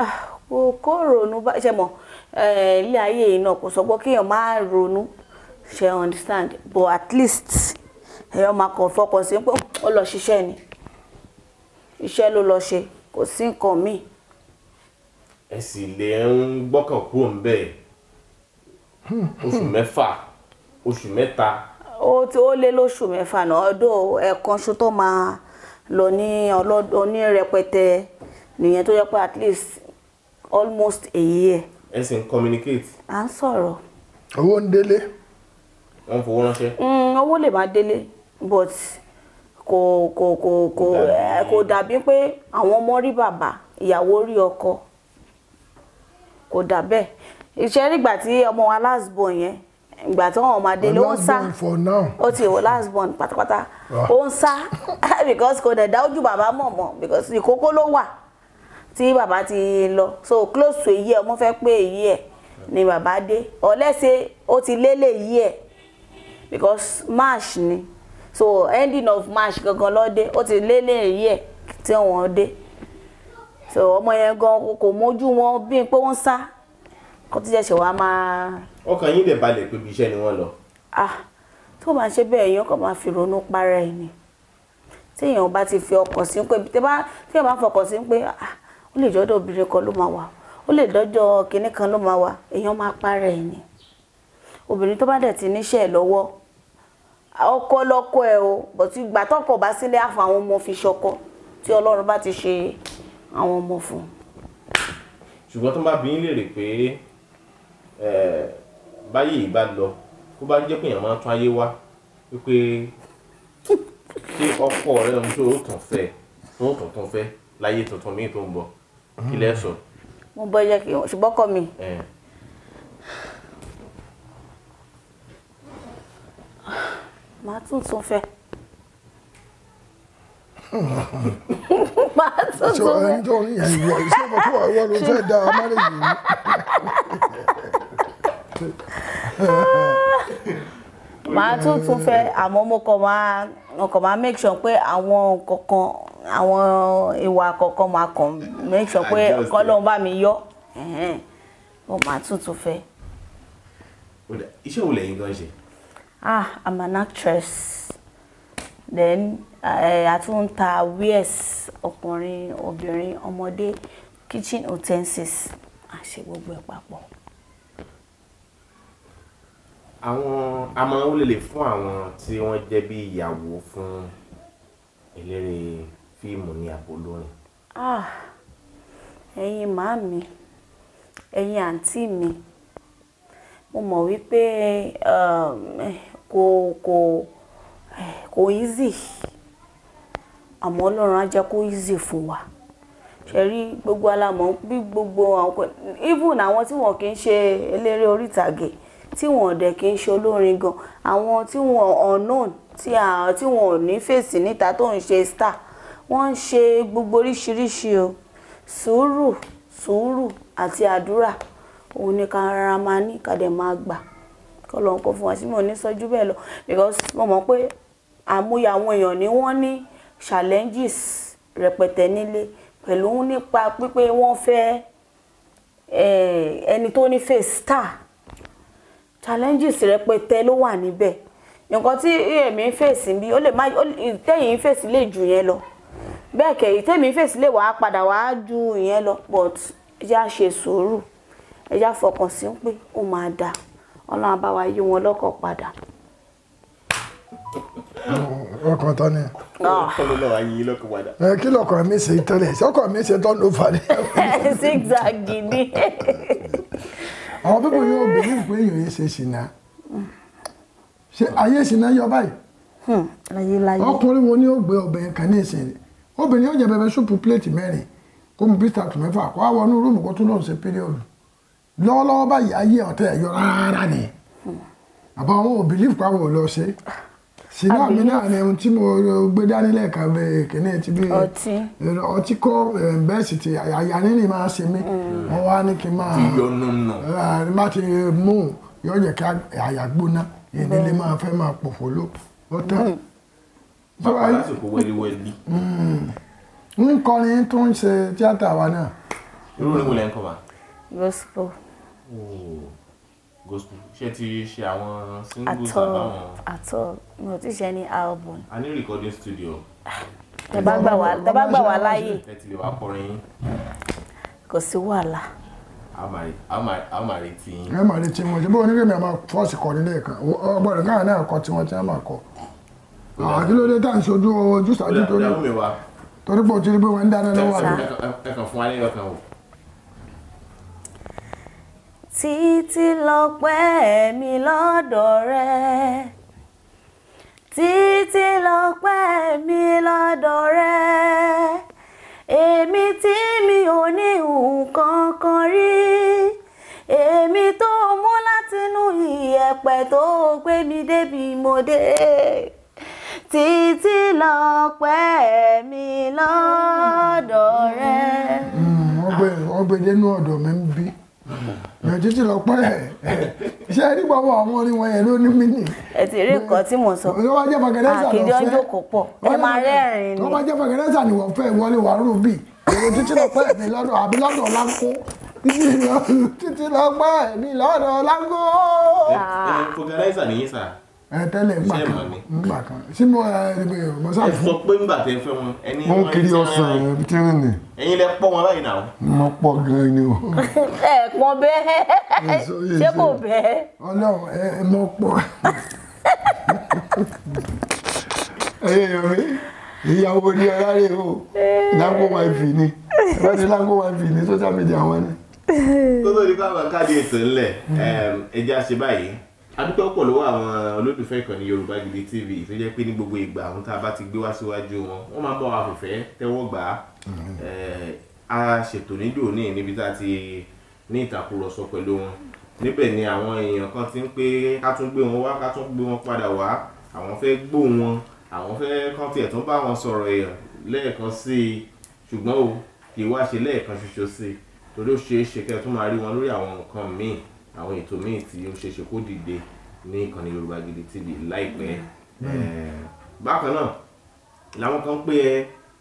Ah, o kò ronú bá ṣe mọ eh, ilé ayé yìí náà kò sọgbọ́n kéèyàn máa ronú ṣe understand but at least èèyàn máa kàn fọkàn sí pé ó lọ ṣiṣẹ́ ni iṣẹ́ ló lọ ṣe kò sí nǹkan míì. ẹ sì lè ń gbọ́kàn kúrò ń bẹ̀ oṣù mẹ́fà oṣù mẹ́ta. ó ti ó lé lóṣù mẹ́fà náà ọdún ẹ̀ẹ̀kan tó máa lọ ní ọlọ́dún ní rẹpẹtẹ nìyẹn tó yẹ pé at least almost a year. ẹ sì ń communicate. à ń sọ̀rọ̀. owó ń délé. wọ́n fowó ránṣẹ́. Mm, owó lè máa délé but kò kò kò kò eh, kò dàbí pé àwọn ọmọ rí bàbá ìyàwó rí ọkọ kò dà bẹ́ẹ̀ ìṣe nígbà tí ọmọ wa last born yẹn ìgbà tí wọn máa délé ó ń sá ó ti wò last born pátápátá ah. ó ń sá [laughs] because kò dẹ̀ dá ojú bàbá mọ̀ mọ̀ because ìkókó ló wà tí bàbá ti lọ so close to èyí ẹ ọmọ fẹ́ pé èyí ẹ ni bàbá dé ọlẹ́sẹ̀ ó ti lélẹ̀ èyí ẹ because march ni so ending of march gangan ló dé ó ti lélẹ̀ èyí ẹ tí wọ́n dé so ọmọ yẹn gan kò mójú wọn bíi pé wọ́n sá kó tó jẹ́sẹ̀ wàá máa. ọkàn yín lè balẹ̀ pé ibi iṣẹ́ ni wọ́n lọ. ah tó bá ń ṣe bẹ́ẹ̀ yẹn kàn máa fi ronú para ẹ̀ ni téèyàn bá ti fi ọkàn sí pé téèyàn bá fọkàn sí pé ah ó lè jọ́dọ̀ obìnrin kan ló máa wà ó lè dọ́jọ́ kinní kan ló máa wà èèyàn máa para ẹ̀ ni obìnrin tó bá dẹ̀ ti níṣẹ́ lọ́wọ́ ọkọ lọ́kọ ẹ̀ o bọ̀tí ìgbà tọ́kọ bá sílé àfọ àwọn ọmọ fi ṣọkọ tí ọlọ́run bá ti ṣe àwọn ọmọ fún ṣùgbọ́n tó bá bí yín léèrè pé báyìí bá lọ kó bá jẹ́ pé èèyàn máa tún ayé wá wípé ṣé ọkọ rẹ̀ ń tó tàn fẹ́ tó tàn tàn fẹ́ láyé tuntun míì tó ń bọ̀ kí lẹ sọ. mo bọ jẹ kí ṣùgbọ́n kọ mi. màá tún tún fẹ́. màá tún tún fẹ́. ẹni tó ń yàn ìwọ ìṣe ọmọ tó wà ìwọ ló fẹ́ da amárèjì mi. màá tún tún fẹ́ àmọ́ mo kàn máa make sure pé àwọn kankan àwọn ìwà kọ̀ọ̀kan máa kàn make pé ọkọ lóun bá mi yọ ó máa tuntun fẹ́. iṣẹ́ wo lẹ́yìn gan ṣe. ah i'm an actress then àtúntà eh, wears ọkùnrin obìnrin ọmọdé kitchen utensils àṣẹ gbogbo ẹ̀ papọ̀ àwọn àmọ́ ó lè lè fún àwọn tí wọ́n jẹ́ bí ìyàwó fún eléré fíìmù ni àbò lórin. Ah, ẹ̀yin màámi ẹ̀yin àǹtí mi mo mọ̀ wípé um, kò kò kò easy àmọ́ ọlọ́run á jẹ́ kó easy fún wa ṣẹ̀rí gbogbo alamọ̀ bí gbogbo àwọn even àwọn tí wọn kì í ṣe eléré orí ìtàgé tí wọn dẹ̀ kì í ṣe olórin gan àwọn tí wọn unknown tí wọn ò ní fèsì níta tó ń ṣe star wọ́n ń ṣe gbogbo oríṣiríṣi o sùúrù sùúrù àti àdúrà òun ni ká rárá máa ní ká dẹ̀ máa gbà kọ́ kó fún wa sí mọ̀ ní sọ́jú bẹ́ẹ̀ lọ because mo mọ̀ pé àmúyẹ àwọn èèyàn ni wọ́n ní challenges rẹpẹtẹ nílé pẹ̀lú nípa pípé wọ́n fẹ́ ẹni tó ní face star challenges rẹpẹtẹ ló wà níbẹ̀ nǹkan tí èmi ń fèsì bí ó lè má tẹ̀yìn ń fèsì lè jù yẹn lọ bẹ́ẹ̀ kẹ̀yìn tèmi fèsì lè wàá padà wàá ju ìyẹn lọ but ẹ já ṣe sùúrù ẹ já fọkàn sí pé ó máa dà ọlọ́run á bá wa yí wọn lọ́kọ̀ padà. ọkàn tán ni. Ah. ẹ kí lọkọ mi ṣe tẹ́lẹ̀ sọkọ mi ṣe tán ló fàdé. zigzag [laughs] ni. [laughs] àwọn pípọ̀ yóò bẹ̀rẹ̀ pé èèyàn yẹn ṣe ṣìnà ṣe ayé ṣìnà yọ báyìí. Hmm, ọkùnrin wo ni ó gbé obìnrin kan ní ìsìn rẹ̀ obìnrin ó jẹ bẹbẹ súpù pléètì mẹ́rin kó mu bí tààtù mẹ́fà kó á wọnú rúùmù kó tún lòún ṣe píríọ̀dù lọ́wọ́lọ́wọ́ báyìí ayé ọ̀tẹ̀ ẹ̀yọ rárá ni àbá wọn ò bìlífù pàwọn ò lọ ṣe sínú àmì náà ni ohun tí mo gbé dání lẹ́ẹ̀ka kìíní ti bí ọtí kọ́ bẹ́ẹ̀sì ti àyà nínú máa ṣe mí mm. wọ́n wá ní kí n máa ní bá ti mú yọ̀ọ́ jẹ́ ká àyà gbóná ìdílé máa fẹ́ máa pòfò ló ọ̀tẹ̀ bàbá lásìkò wẹ́líwẹ́lí. Hmm. ń kọrin tó ń ṣe tíátà wa náà. irú ni mo lẹ́ ń kọ́ wa. gospel. gospel ṣé ti ṣe àwọn singles àbáwọn. àtọ mi ò tí ṣe ní album. a ní recording studio. tẹ bá gbà wá láàyè. ẹ ti lè wá kọrin. kò sí wàhálà amàrètí yín. ẹ màrètí wọn ṣe bó onígbèmí àmà fọ́ọ̀sì kọ nílé kan ọgbọ́n rẹ̀ káà náà kọ tiwọn tí wọ́n máa kọ àwọn ah, kí ló dé tá à ń ṣojú ojú ṣáájú torí torí pé òtún pé wọ́n ń dáná lọ́wọ́ àná. ẹ kàn fún wa ní ọkàn o. títí lọ́pẹ́ mi lọ́dọ̀ rẹ títí mi lọ́dọ̀ rẹ èmi tí mi ò ní nǹkan kan rí èmi tó mú látinú ìyẹ̀pẹ̀ tó gbé mi debi mo de títí lọ́pẹ́ mi lọ́dọ̀ rẹ. Mm, wọ́n gbé dénú ọ̀dọ̀ mi ń bí títí lọ́pẹ́ ṣé ẹ nígbà wọ àwọn orin wọn yẹn ló ní mí nì. ẹ ti rí nǹkan tí mò ń sọ àkìdí ọjọ́ kò pọ̀ ẹ máa rẹ́rìn-ín ni. wọ́n bá jẹ́ fàgẹ́rẹ́sà ni wọ́n fẹ́ wọlé wàrú bì èrò títí lọ́pẹ́ mi lọ́dọ̀ àbí lọ́dọ̀ láńkó títí lọ́pẹ́ mi lọ́dọ̀ láńkó. ẹ ẹ fọgẹ́rẹ́sà nìyí sáà ẹ tẹ́lẹ̀ ńgbà kan ńgbà kan sí mo ẹ mo sáà fún. ẹ sọ pé ńgbà tẹ fẹ́ wọn. mo ń kiri ọsàn ẹ tí ń nì. ẹ̀yin lẹ pọ̀ wọn báyìí náà. mo pọ̀ gan ni o. ẹ pọ̀ bẹ́ẹ̀ ṣé kò bẹ́ẹ̀. Ọlọ́run ẹ mo pọ̀. ẹyẹ yọ mi ìyàwó ni ọlá rẹ o láńkó wáìfì ni ẹ ti láńkó wáìfì ni social media wọn ni. kó tó di ká bá káàdì ètò ńlẹ̀ ẹ jẹ́ àṣẹ báyìí adúpẹ́ púpọ̀ lọ́wọ́ àwọn olólùfẹ́ ìkànnì yorùbá gidi tv tó jẹ́ pé ní gbogbo ìgbà àwọn tá a bá ti gbé wá síwájú wọn wọ́n máa ń bọ̀ wá fòfẹ́ tẹ́wọ́ gbà á mm-hmm. eh, a ṣètò nídò ní níbi tá a ti ní ìtàkùrọ̀sọ pẹ̀lú wọn níbẹ̀ ni àwọn èèyàn kan ti ń pé ká tún gbé wọn wá ká tún gbé wọn padà wá àwọn fẹ́ gbó wọn àwọn fẹ́ kán tiẹ̀ tún bá wọn sọ̀rọ̀ èèyàn lẹ́ẹ̀kan sí i ṣùgbọ́n o kì í wá ṣe lẹ́ẹ̀kan ṣoṣo sí i torí ó ṣeé ṣe kẹ́ ẹ tún máa rí wọn lórí àwọn nǹkan míì àwọn ètò míì tí ó ṣeéṣe kó dìde ní ìkànnì Yorùbá Gidi TV láìpẹ́ mm. bákan náà làwọn kan pé ẹ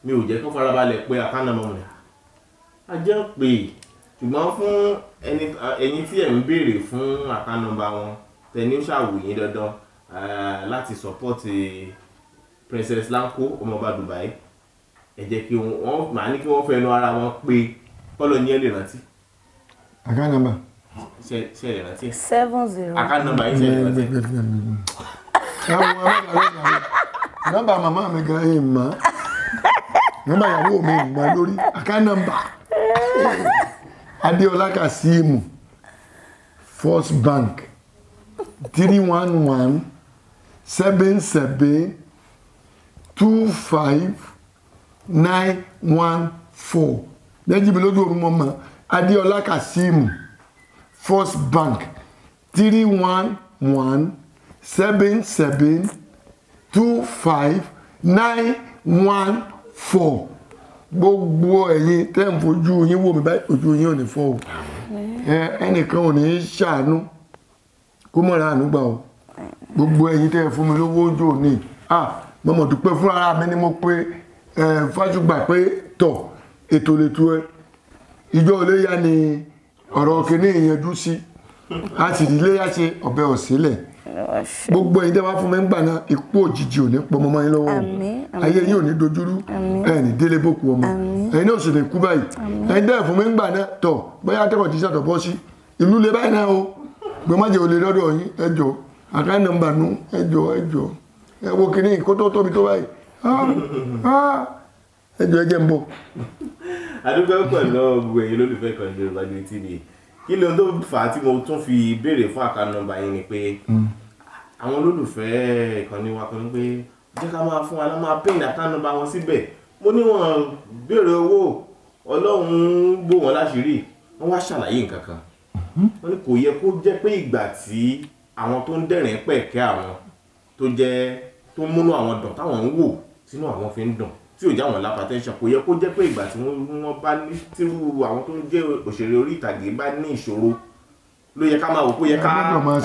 mi ò jẹ́ kó farabalẹ̀ pé àkànnàmọ́ mi a jẹ́ pé ṣùgbọ́n fún ẹni tí ẹ̀ ń béèrè fún àkànnàmọ́ wọn tẹni ó ṣàwòyìn dandan láti sọpọ́tì Princess Lanko ọmọọba Dubai ẹ jẹ́ kí wọ́n màá ní kí wọ́n fẹnu ara wọn pé kọ́lọ̀ ní ẹ lè rántí. àkànnàmọ́ seven zero. account number yìí mm-hmm. ṣe lè rántí. nọ́mbà màmá mi gan ẹ mọ nọ́mbà ìyàwó mi mọ lórí account number First Bank three one one seven seven two five nine one four lẹ́jìbí lójú òru mọ́ mọ́ Adéọlá Kazeem. First Bank three one one seven seven two five nine one four gbogbo ẹ̀yin tẹ́ ń fojú yín wò mí báyìí ojú yín ò ní fọ́ o ẹnìkan ò ní í ṣàánú kó mọ̀ra àánú gbà o gbogbo ẹ̀yin tẹ́ fún mi lówó ojú òní ah mo mọ̀ dúpẹ́ fún ara mi ni mo pe fájúgbà pé tọ̀ ètò lè tu ẹ ìjọ olóyà ni ọ̀rọ̀ kìíní ìyẹnjú sí láti ilé yáṣe ọ̀bẹ ọ̀sílẹ̀ gbogbo ẹ̀yin tẹ́ wá fún mi ń gbà náà ikú òjijì ò ní pọ̀ mọ́ yín lọ́wọ́ ayé yín ò ní dojúrú ẹ̀ ní délé bòkú ọmọ ẹ̀yin náà sì lè kú báyìí ẹ̀yin tẹ́ fún mi ń gbà náà tọ̀ bóyá akẹ́kọ̀ọ́ ti ṣàtọ̀ bọ́ sí ìlú lè báyìí náà o gbọ́májẹ̀ ò lè lọ́dọ̀ yín ẹjọ́ àkáì nọ́mbà nu ẹjọ́ ẹjọ́ ẹ wo kìíní kó tó tóbi tó báyìí ah, ah. ẹjọ́ ẹjẹ́ ń bọ̀ adúgbò pẹ̀lú gbogbo ẹ̀yin olólùfẹ́ kan ní Yorùbá TV kí ló ń tó fà á tí mo tún fi béèrè fún àkànnà nọ́mbà yín ni pé hmm. àwọn olólùfẹ́ ìkànnì wa kan pé jẹ́ ká máa fún wa lọ́ máa pín àkànnà nọ́mbà wọn síbẹ̀ mo ní wọn béèrè owó ọlọ́run gbó wọn láṣìírí wọ́n wá ṣàlàyé nǹkan kan hmm. wọ́n ní kò yẹ kó jẹ́ pé ìgbà tí àwọn tó ń dẹ̀rìn pẹ̀kẹ́ àwọn tó jẹ́ tó múnú àwọn dùn táwọn ń wò sínú àwọn fi ń dùn tí ò já wọn lápá tẹ́ńṣán kò yẹ kó jẹ́ pé ìgbà tí wọ́n bá ní tírú àwọn tó ń jẹ́ òṣèré orí ìtàgé bá ní ìṣòro ló yẹ ká máa wò kó yẹ ká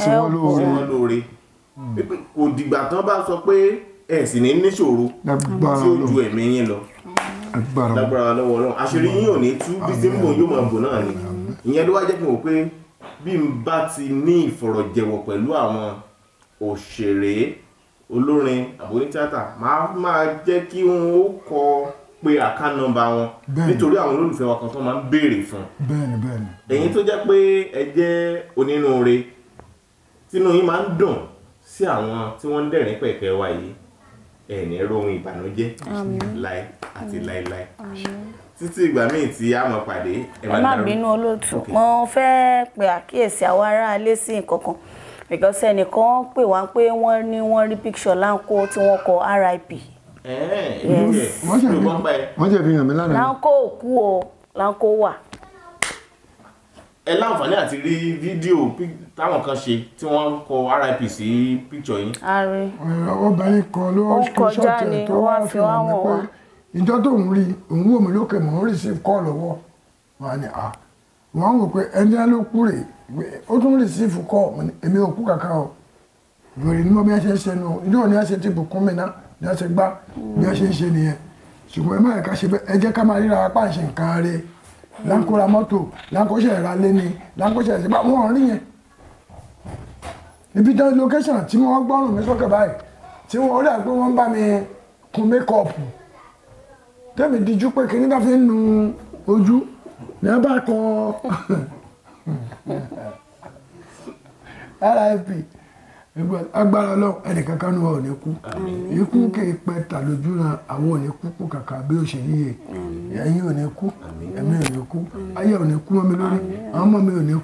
ṣe wọ́n lóore hmm. kò dìgbà tán bá sọ pé ẹ̀ sì ní níṣòro tí ó ju ẹ̀mí yín lọ lágbára lọ́wọ́ náà àṣírí yín ò ní tú bí sẹ́mbò yóò máa bò náà ni ìyẹn ló wá jẹ́ pé pé bí n bá ti ní ìfọ̀rọ̀jẹ̀wọ̀ pẹ̀lú àwọn òṣèré olórin àbónítíátà máa máa jẹ́ kí wọ́n ó kọ pé àká nọmba wọn nítorí àwọn olólùfẹ́ wa kan tó máa ń béèrè fún bẹ́ẹ̀ni bẹ́ẹ̀ni ẹ̀yin tó jẹ́ pé ẹ jẹ́ onínúure tínú yín máa ń dùn sí àwọn tí wọ́n ń dẹ̀rín pẹ̀kẹ́ wa yìí ẹ̀ẹ̀ni ẹ̀rọ ohun ìbànújẹ́ láì àti láìláì títí ìgbà míì tí a mọ̀ pàdé ẹ má bínú olóòtú mo fẹ́ pe àkíyèsí àwọn aráalé sí nǹkan kan because ẹnìkan pè wá pé wọ́n ní wọ́n rí picture láńkó tí wọ́n kọ RIP. wọ́n ṣàfihàn mi lánàá. láńkó òkú o láńkó wà. ẹ láǹfààní àti rí fídíò táwọn kan ṣe tí wọ́n kọ RIP sí picture yìí. ààrẹ obìnrin kan ló kọ ṣọ́ọ̀tì tó wá fi hàn mí pé ìjọ tó ń rí òun wò mí lókè mò ń receive call lọ́wọ́ wọn á ní à ah. wọ́n á wò pé ẹni á ló kú rèé o tún receive call èmi ò kú kàkà o wèrè ni wọ́n bí wọ́n ṣe ń ṣe nu a òní ẹ̀ṣẹ̀ tí bùkún mi ná ni wọ́n ṣe gbá bí wọ́n ṣe ń ṣe nìyẹn ṣùgbọ́n ẹ má ẹ̀ka ṣe bẹ́ẹ̀ ẹ jẹ́ ká máa ríra apá ìṣe nǹkan rẹ̀ láńkó ra mọ́tò láńkó ṣe ra lé ni láńkó ṣe ṣe bá wọn rí yẹn ibi tán location tí wọ́n gbọ́rùn mi sókè báyìí tí wọ́n rí àgbẹ̀ wọn bá mi kun mékọ́ọ̀pù tẹ́mi dijú pé kí nígbà fi nu ojú ní abá kan. [laughs] [laughs] rip agbára ọlọ́run ẹnìkan kan ní wa nke ní kú ikú kìí ta lójú na àwọn ò ní kú kú kàkà bí ó ṣe yíyẹ ẹ̀yin ò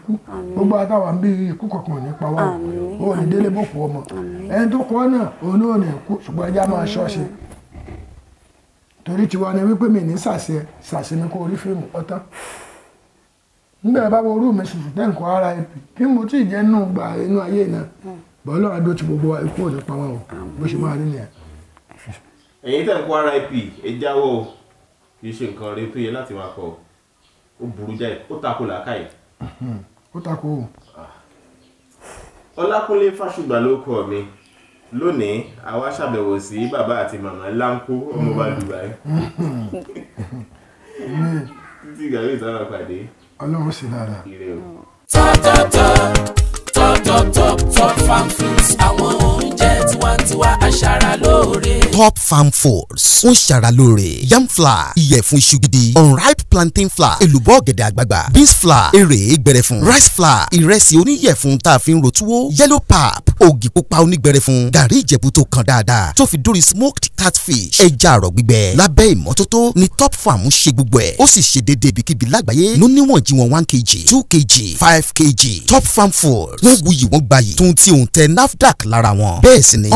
kú gbogbo àtàwọn bí ikú kankan ò pa wá o ò ní délé ọmọ ẹni tó náà kú ṣùgbọ́n máa nígbà bá wo orú mi ṣùṣù tẹ́ nǹkan ara ẹ̀ pì kí mo tí ì jẹ́ nù gbà inú ayé náà bọ́ọ̀lọ́ àdó ti gbogbo ikú òní pa wọn o bó ṣe máa rí nìyẹn. ẹ̀yin tẹ̀ ń kó ara ẹ̀ pì ẹ jáwọ́ o kì í ṣe nǹkan rẹ tó yẹ láti máa kọ ó burú jáì ó tako làákàyè. ó tako o. ọlákúnlé fásùgbà ló kọ mi lónìí àwa ṣàbẹ̀wò sí bàbá àti màmá láńkó ọmọ bá dùbà [laughs] yìí. títí gàrí ìsára pàdé ọlọ́run sì dáadáa. tọ́tọ̀tọ̀ tọ́tọ̀tọ̀ top farm fruits àwọn ohun top farm foods ń ṣara yam flour ìyẹ̀fun iṣu gidi unripe plantain flour èlùbọ́ ọ̀gẹ̀dẹ̀ àgbagbà beans flour èrè gbẹrẹfun rice flour ìrẹsì oníyẹ̀fun tá a fi ń ro yellow pap ògì pupa onígbẹrẹfun gàrí ìjẹ̀bú tó kan dáadáa tó fi dórí smoked catfish ẹja àrọ̀ gbígbẹ lábẹ́ ìmọ́tótó ni top farm ń ṣe gbogbo ẹ̀ ó sì ṣe déédéé ibikíbi lágbàáyé ló níwọ̀n jí wọn one kg two kg five kg top farm foods wọ́n wuyì wọ́n gbayì tuntun tí òun tẹ nafdac lára wọn bẹ́ẹ̀ sì ni